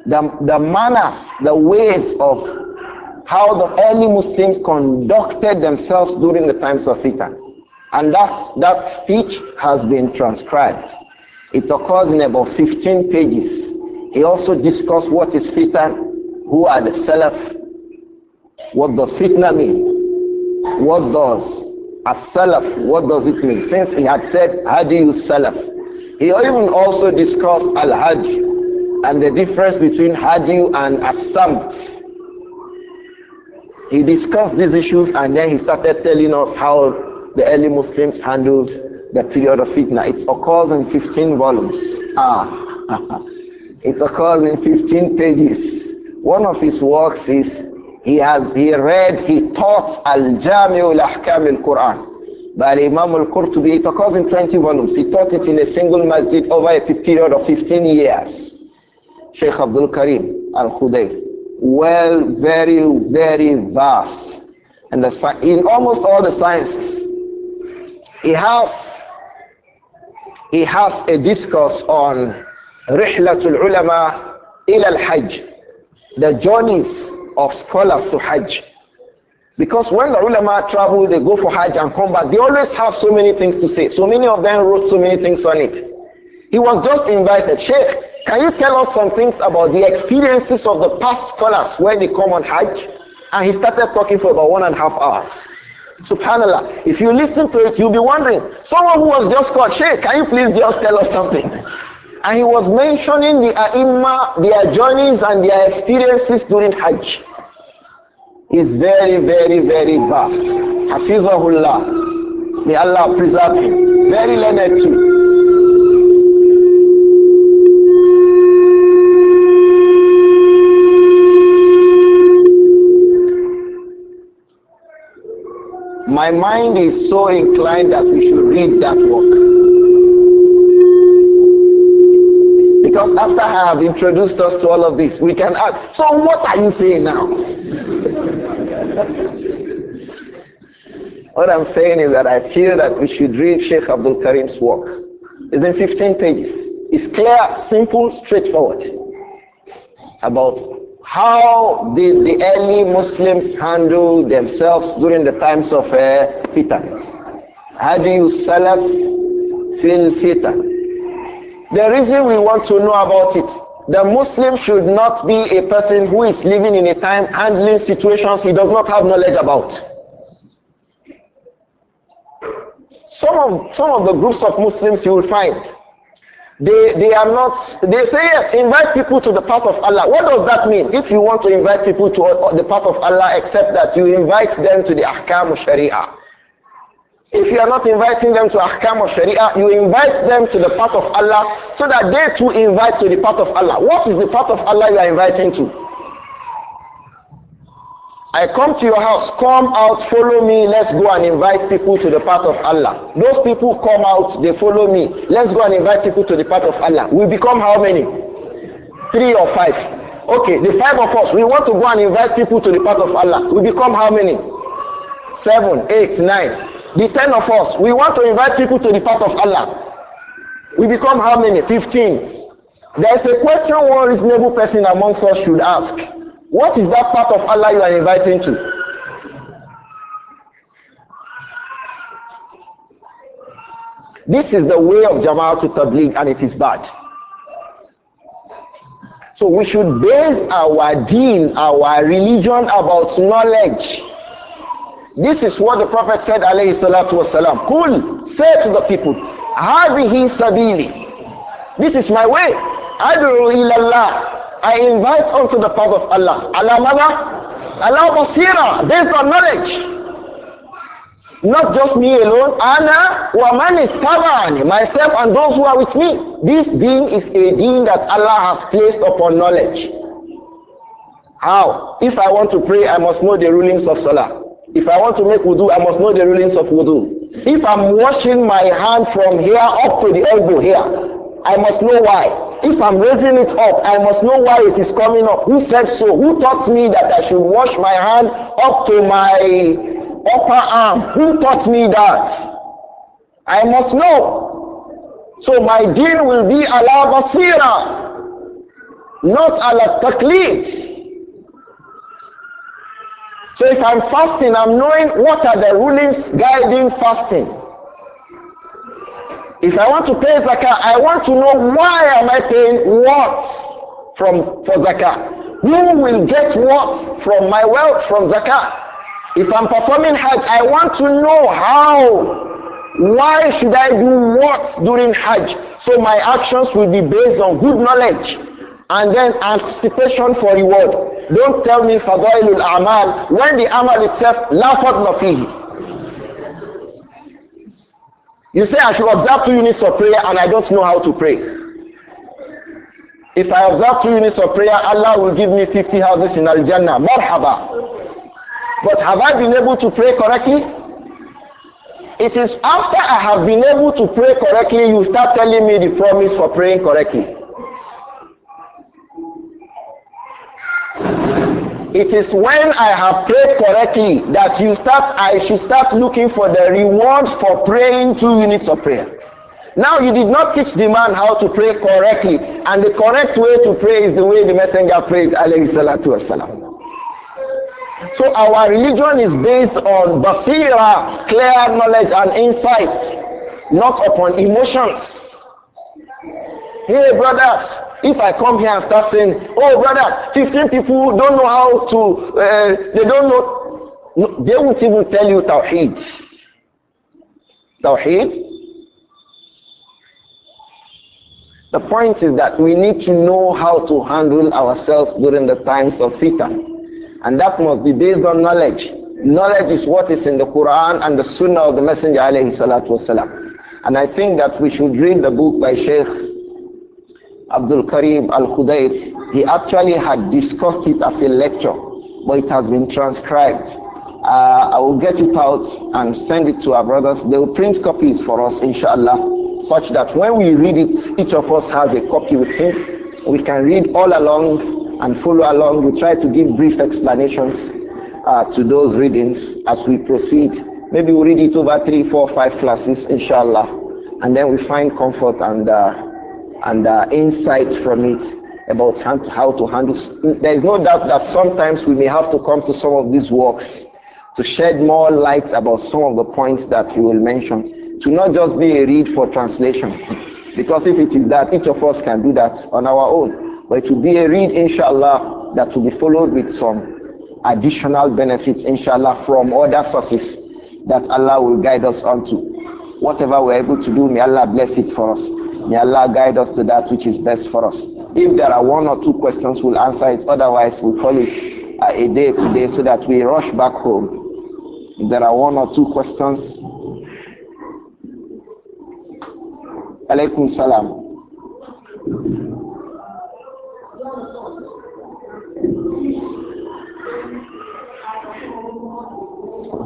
the, the manners, the ways of how the early Muslims conducted themselves during the times of Fitan. And that's, that speech has been transcribed. It occurs in about 15 pages. He also discussed what is fitan, who are the salaf, what does fitna mean, what does a salaf, what does it mean? Since he had said, how do you salaf? He even also discussed al-hajj, and the difference between hadith and assamt. He discussed these issues and then he started telling us how the early Muslims handled the period of fitna. It occurs in 15 volumes. Ah, [LAUGHS] it occurs in 15 pages. One of his works is he has he read he taught al-Jami'ul Ahkam al-Quran by Imam al-Qurtubi. It occurs in 20 volumes. He taught it in a single masjid over a period of 15 years. Sheikh Abdul Karim Al Khudayr. Well, very, very vast. And the, in almost all the sciences, he has he has a discourse on Rihlatul Ulama ila al-Hajj, the journeys of scholars to Hajj. Because when the ulama travel, they go for Hajj and come back. They always have so many things to say. So many of them wrote so many things on it. He was just invited, Sheikh, can you tell us some things about the experiences of the past scholars when they come on Hajj? And he started talking for about one and a half hours. Subhanallah. If you listen to it, you'll be wondering. Someone who was just called, Sheikh, can you please just tell us something? And he was mentioning the Aimma, their journeys and their experiences during Hajj. It's very, very, very vast. Hafizahullah. May Allah preserve him. Very learned too. My mind is so inclined that we should read that work. Because after I have introduced us to all of this, we can ask, so what are you saying now? [LAUGHS] what I'm saying is that I feel that we should read Sheikh Abdul Karim's work. It's in 15 pages. It's clear, simple, straightforward about how did the early Muslims handle themselves during the times of uh, fitan? How do you salaf fil fitan? The reason we want to know about it, the Muslim should not be a person who is living in a time handling situations he does not have knowledge about. Some of some of the groups of Muslims you will find they, they are not, they say yes, invite people to the path of Allah. What does that mean? If you want to invite people to uh, the path of Allah, except that you invite them to the ahkam of sharia. If you are not inviting them to ahkam of sharia, you invite them to the path of Allah so that they too invite to the path of Allah. What is the path of Allah you are inviting to? I come to your house, come out, follow me, let's go and invite people to the path of Allah. Those people come out, they follow me, let's go and invite people to the path of Allah. We become how many? Three or five. Okay, the five of us, we want to go and invite people to the path of Allah. We become how many? Seven, eight, nine. The ten of us, we want to invite people to the path of Allah. We become how many? Fifteen. There is a question one reasonable person amongst us should ask. What is that part of Allah you are inviting to? This is the way of Jamal to Tabligh and it is bad. So we should base our deen, our religion about knowledge. This is what the Prophet said, alayhi salatu wasalam. Kul, say to the people, Hadihi sabili. This is my way. Ad'u ilallah. I invite unto the path of Allah. Allah mother, Allah basira, based on knowledge. Not just me alone, Anna wa man tabani, myself and those who are with me. This deen is a deen that Allah has placed upon knowledge. How? If I want to pray, I must know the rulings of Salah. If I want to make wudu, I must know the rulings of wudu. If I'm washing my hand from here up to the elbow here, I must know why. If I'm raising it up, I must know why it is coming up. Who said so? Who taught me that I should wash my hand up to my upper arm? Who taught me that? I must know. So my deen will be ala basira, not ala taqlid. So if I'm fasting, I'm knowing what are the rulings guiding fasting. If I want to pay zakah, I want to know why am I paying what from for zakah? Who will get what from my wealth from zakah? If I'm performing hajj, I want to know how. Why should I do what during hajj? So my actions will be based on good knowledge and then anticipation for reward. Don't tell me fadailul amal when the amal itself lafad nafihi. You say, I should observe two units of prayer and I don't know how to pray. If I observe two units of prayer, Allah will give me 50 houses in Al Jannah. Marhaba. But have I been able to pray correctly? It is after I have been able to pray correctly, you start telling me the promise for praying correctly. It is when I have prayed correctly that you start, I should start looking for the rewards for praying two units of prayer. Now you did not teach the man how to pray correctly, and the correct way to pray is the way the messenger prayed, alayhi salatu wasalam. So our religion is based on basira, clear knowledge and insight, not upon emotions. Hey brothers, if I come here and start saying, oh, brothers, 15 people don't know how to, uh, they don't know, they won't even tell you Tawheed. Tawheed? The point is that we need to know how to handle ourselves during the times of fitan. And that must be based on knowledge. Knowledge is what is in the Quran and the Sunnah of the Messenger And I think that we should read the book by Sheikh Abdul Karim Al Khudair, he actually had discussed it as a lecture, but it has been transcribed. Uh, I will get it out and send it to our brothers. They will print copies for us, inshallah, such that when we read it, each of us has a copy with him. We can read all along and follow along. We try to give brief explanations uh, to those readings as we proceed. Maybe we will read it over three, four, five classes, inshallah, and then we find comfort and. Uh, and uh, insights from it about how to handle. There is no doubt that sometimes we may have to come to some of these works to shed more light about some of the points that he will mention, to not just be a read for translation, [LAUGHS] because if it is that, each of us can do that on our own, but to be a read, inshallah, that will be followed with some additional benefits, inshallah, from other sources that Allah will guide us onto. Whatever we're able to do, may Allah bless it for us. May Allah guide us to that which is best for us. If there are one or two questions, we'll answer it. Otherwise, we'll call it a day today so that we rush back home. If there are one or two questions, Alaykum salam.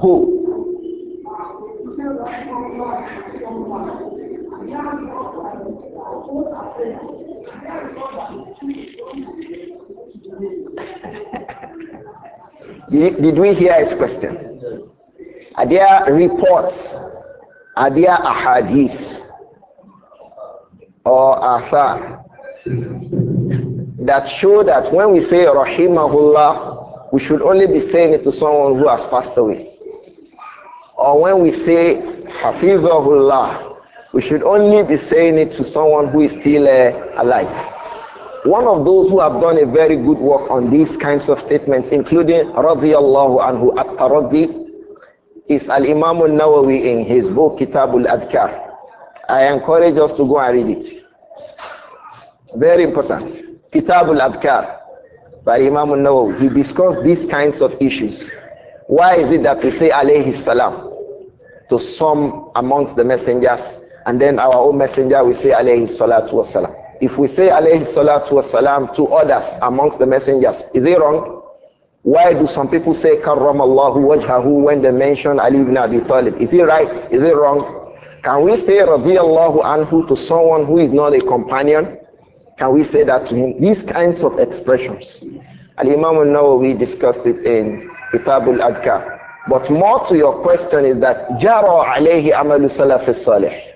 Who? [LAUGHS] Did we hear his question? Are there reports? Are there ahadith or athar that show that when we say rahimahullah, we should only be saying it to someone who has passed away, or when we say hafizahullah, we should only be saying it to someone who is still uh, alive. One of those who have done a very good work on these kinds of statements, including radiyallahu anhu at-taraddi, is Al-Imam al-Nawawi in his book Kitabul adkar I encourage us to go and read it. Very important. Kitabul adkar by Imam al-Nawawi. He discussed these kinds of issues. Why is it that we say alayhi salam to some amongst the messengers and then our own messenger we say alayhi salatu wasalam. If we say alayhi salatu wasalam to others amongst the messengers, is it wrong? Why do some people say karramallahu wajhahu when they mention Ali ibn Abi Talib? Is it right? Is it wrong? Can we say radiyallahu anhu to someone who is not a companion? Can we say that to him? These kinds of expressions. Al-Imam al-Nawawi discussed it in Kitab al-Adkar. But more to your question is that جَرَى alayhi عَمَلُ سَلَفِ salih.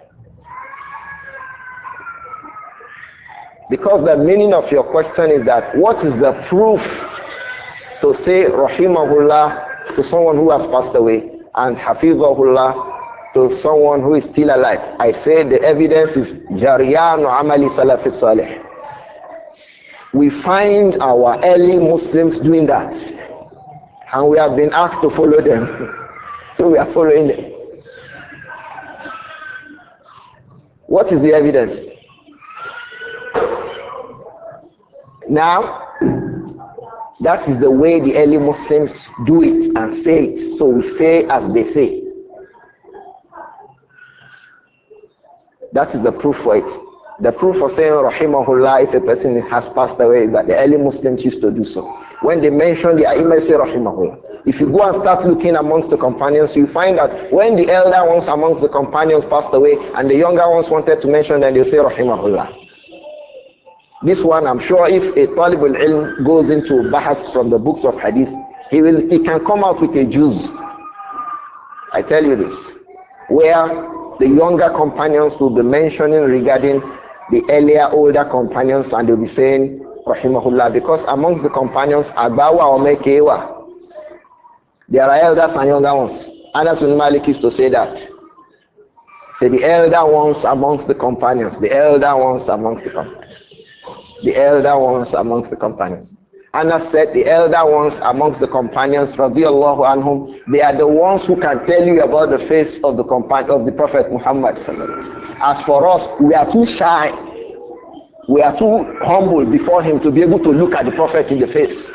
Because the meaning of your question is that what is the proof to say Rahimahullah to someone who has passed away and Hafizahullah to someone who is still alive? I say the evidence is no Amali Salafi Salih. We find our early Muslims doing that. And we have been asked to follow them. [LAUGHS] so we are following them. What is the evidence? Now, that is the way the early Muslims do it and say it. So we say as they say. That is the proof for it. The proof for saying Rahimahullah if a person has passed away is that the early Muslims used to do so. When they mention the Aimah, say Rahimahullah. If you go and start looking amongst the companions, you find that when the elder ones amongst the companions passed away and the younger ones wanted to mention, then they say Rahimahullah. This one, I'm sure, if a Talibul Ilm goes into Bahas from the books of Hadith, he will he can come out with a Jews. I tell you this, where the younger companions will be mentioning regarding the earlier older companions, and they'll be saying Rahimahullah, because amongst the companions, Agbawa or Mekewa, there are elders and younger ones. Anas bin Malik used to say that. Say the elder ones amongst the companions, the elder ones amongst the companions the elder ones amongst the companions. Anna said, the elder ones amongst the companions, radiallahu anhum, they are the ones who can tell you about the face of the companion of the Prophet Muhammad. As for us, we are too shy, we are too humble before him to be able to look at the Prophet in the face.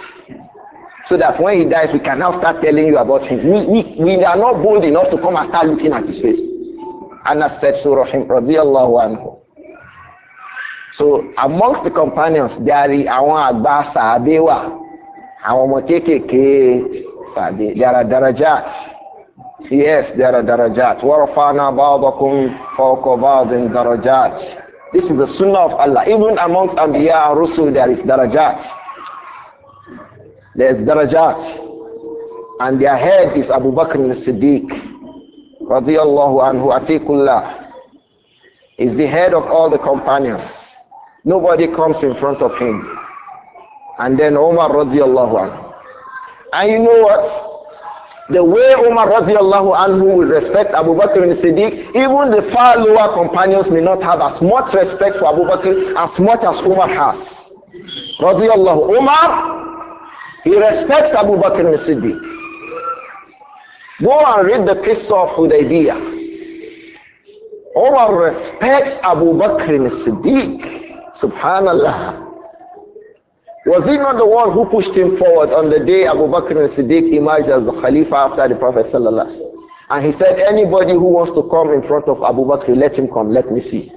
So that when he dies, we can now start telling you about him. We, we, we are not bold enough to come and start looking at his face. Anna said to Rahim, radiallahu anhu, so amongst the companions, there are àgbà sàbẹ àwọn sàbẹ, there are darajat. Yes, there are darajat. وَرَفَعْنَا بَعْضَكُمْ فَوْقَ بَعْضٍ darajat. This is the sunnah of Allah. Even amongst Anbiya and Rusul, there is darajat. There is darajat. And their head is Abu Bakr al-Siddiq. Radiallahu anhu atikullah. Is the head of all the companions. Nobody comes in front of him. And then Umar radiallahu anhu. And you know what? The way Umar radiallahu anhu will respect Abu Bakr and Siddiq, even the far lower companions may not have as much respect for Abu Bakr as much as Umar has. Radiallahu. Umar, he respects Abu Bakr and Siddiq. Go and read the Qissa of Hudaybiyah. Umar respects Abu Bakr and Siddiq. Subhanallah. Was he not the one who pushed him forward on the day Abu Bakr and Siddiq emerged as the Khalifa after the Prophet sallallahu and he said, anybody who wants to come in front of Abu Bakr, let him come. Let me see.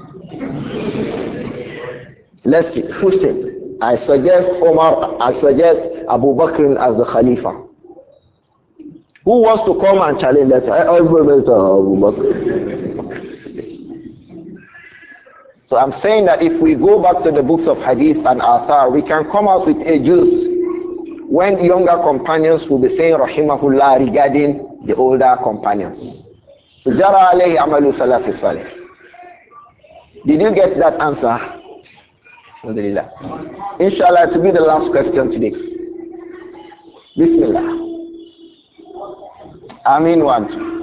Let's see. Pushed him. I suggest Omar, I suggest Abu Bakr as the Khalifa. Who wants to come and challenge that? Everybody oh, Abu Bakr. So I'm saying that if we go back to the books of Hadith and Athar, we can come out with a juice when younger companions will be saying Rahimahullah regarding the older companions. So Jara alayhi amalu salafi salih. Did you get that answer? Alhamdulillah. Inshallah, to be the last question today. Bismillah. Amin one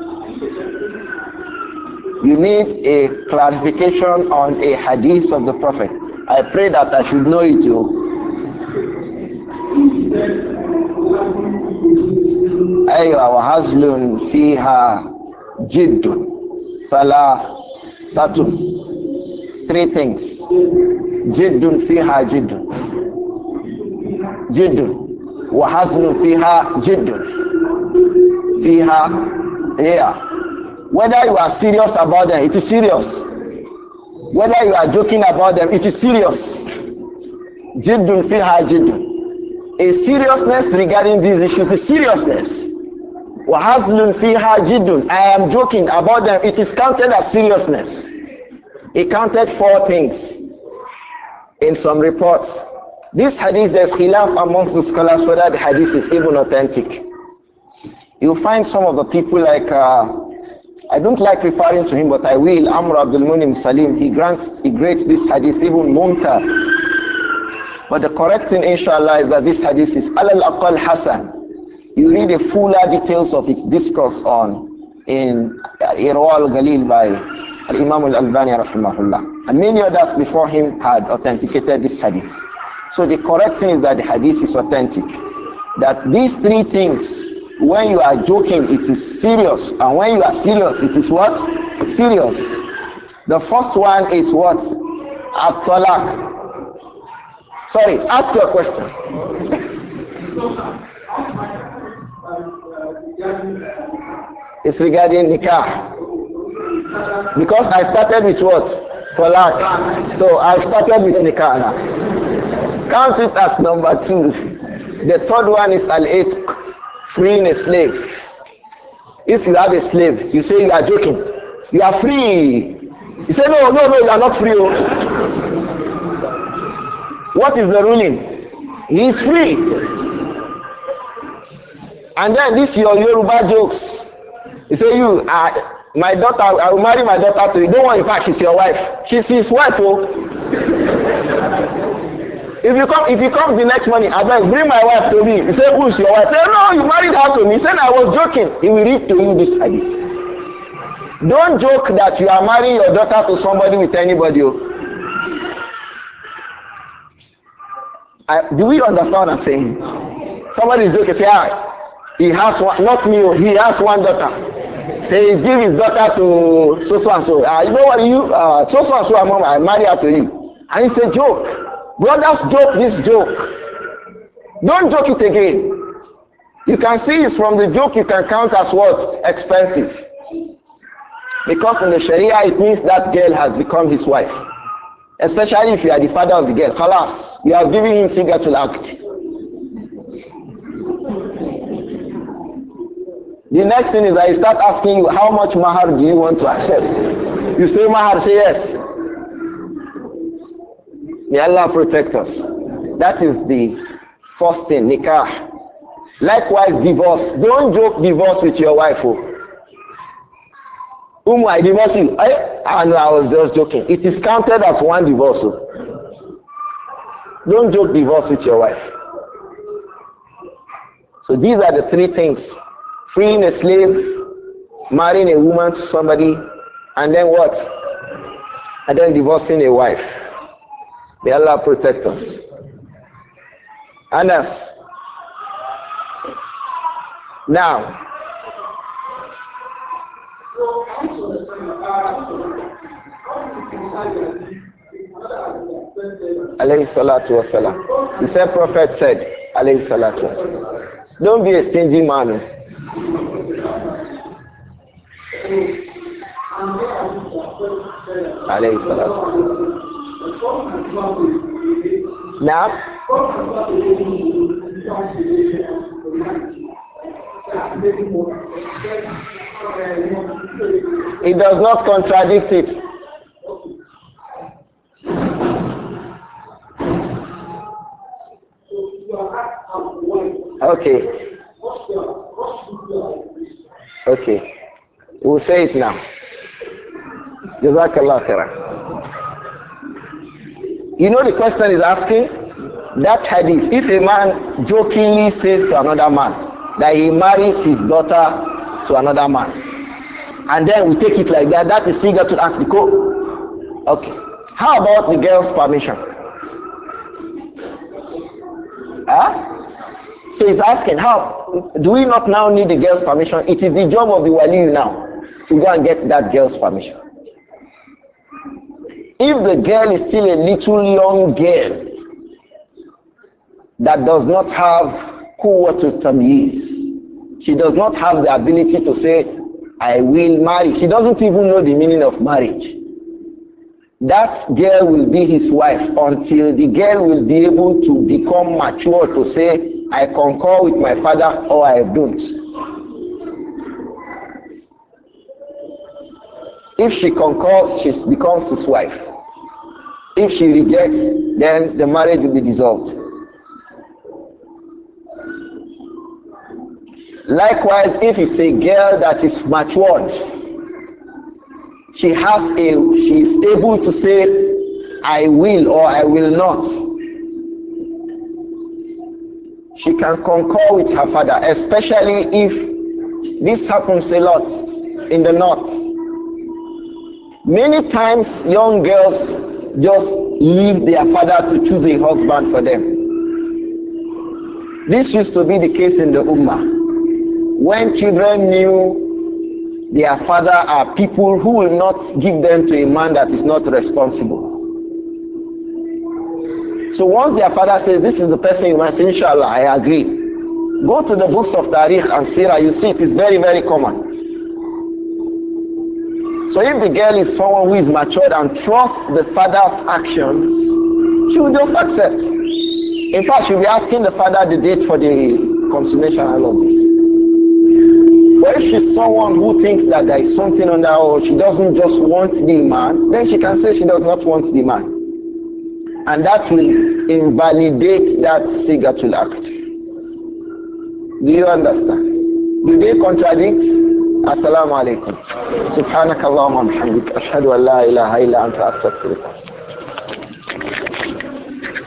you need a clarification on a hadith of the Prophet. I pray that I should know it too. أيوة وهزل فيها جد ثلاثة three things جد فيها جد جد وحزن فيها جد فيها yeah whether you are serious about them, it is serious. Whether you are joking about them, it is serious. Jiddun fi jiddun. A seriousness regarding these issues A seriousness. Wahazlun fi jiddun. I am joking about them. It is counted as seriousness. It counted four things in some reports. This hadith, there's khilaf amongst the scholars whether the hadith is even authentic. You find some of the people like uh, I don't like referring to him, but I will. Amr Abdul Munim Salim, he grants, he grants this hadith even Munkar. But the correct thing, inshallah, is that this hadith is Al Aqal Hasan. You read the fuller details of its discourse on in Irwa al Galil by al Imam al Albani, rahimahullah. And many others before him had authenticated this hadith. So the correct thing is that the hadith is authentic. That these three things when you are joking, it is serious. And when you are serious, it is what? Serious. The first one is what? at Sorry, ask your question. [LAUGHS] it's regarding nikah. Because I started with what? Talaq. So I started with nikah now. Count it as number two. The third one is al-itq. freeing a slave. If you have a slave, you say you are joking. You are free. He say, No, no, no, you are not free. Oh. what is the ruling? He is free. And then this your Yoruba jokes. He say, You are. My daughter, I will marry my daughter to you. Don't worry, in fact, she's your wife. She's his wife, oh. If you come, if he comes the next morning, I bring my wife to me. He said, Who's your wife? Say, said, No, you married her to me. He said, I was joking. He will read to you this hadith. Don't joke that you are marrying your daughter to somebody with anybody. Oh. do we understand what I'm saying? Somebody is joking. Say, ah, he has one, not me, oh, he has one daughter. Say, he give his daughter to so so and so. Ah, you know what? You uh, so so and so, I marry her to you. And he a joke. Brothers joke this joke. Don't joke it again. You can see it from the joke you can count as what? Expensive. Because in the Sharia it means that girl has become his wife. Especially if you are the father of the girl. Khalas, you have given him to act. The next thing is I start asking you, how much mahar do you want to accept? You say mahar, say yes. May Allah protect us. That is the first thing, nikah. Likewise, divorce. Don't joke divorce with your wife. Oh. Um, I divorce you. I, eh? and ah, I was just joking. It is counted as one divorce. Oh. Don't joke divorce with your wife. So these are the three things freeing a slave, marrying a woman to somebody, and then what? And then divorcing a wife. May Allah protect us. Anas. Now. alayhi salatu wasalam. The said, Prophet said, alayhi salatu wasalam. Don't be a stingy man. alayhi salatu wasalam. نعم it does not contradict it okay okay we'll say it now JazakAllah khairan. You know the question is asking? That hadith, if a man jokingly says to another man that he marries his daughter to another man, and then we take it like that, that is single to act the code. Okay. How about the girl's permission? Huh? So he's asking, how do we not now need the girl's permission? It is the job of the wali now to go and get that girl's permission. If the girl is still a little young girl that does not have kuwatu is, she does not have the ability to say, I will marry. She doesn't even know the meaning of marriage. That girl will be his wife until the girl will be able to become mature to say, I concur with my father or I don't. If she concurs, she becomes his wife. If she rejects, then the marriage will be dissolved. Likewise, if it's a girl that is matured, she has a she is able to say, I will or I will not. She can concur with her father, especially if this happens a lot in the north. Many times young girls just leave their father to choose a husband for them. This used to be the case in the Ummah. When children knew their father are people who will not give them to a man that is not responsible. So once their father says, This is the person you must, inshallah, I agree. Go to the books of Tariq and Sirah, you see it is very, very common. So if the girl is someone who is matured and trusts the father's actions, she will just accept. In fact, she'll be asking the father the date for the consummation and all this. But if she's someone who thinks that there is something under her, or she doesn't just want the man, then she can say she does not want the man. And that will invalidate that sigatul act. Do you understand? Do they contradict? السلام عليكم سبحانك اللهم وبحمدك أشهد أن لا إله إلا أنت أستغفرك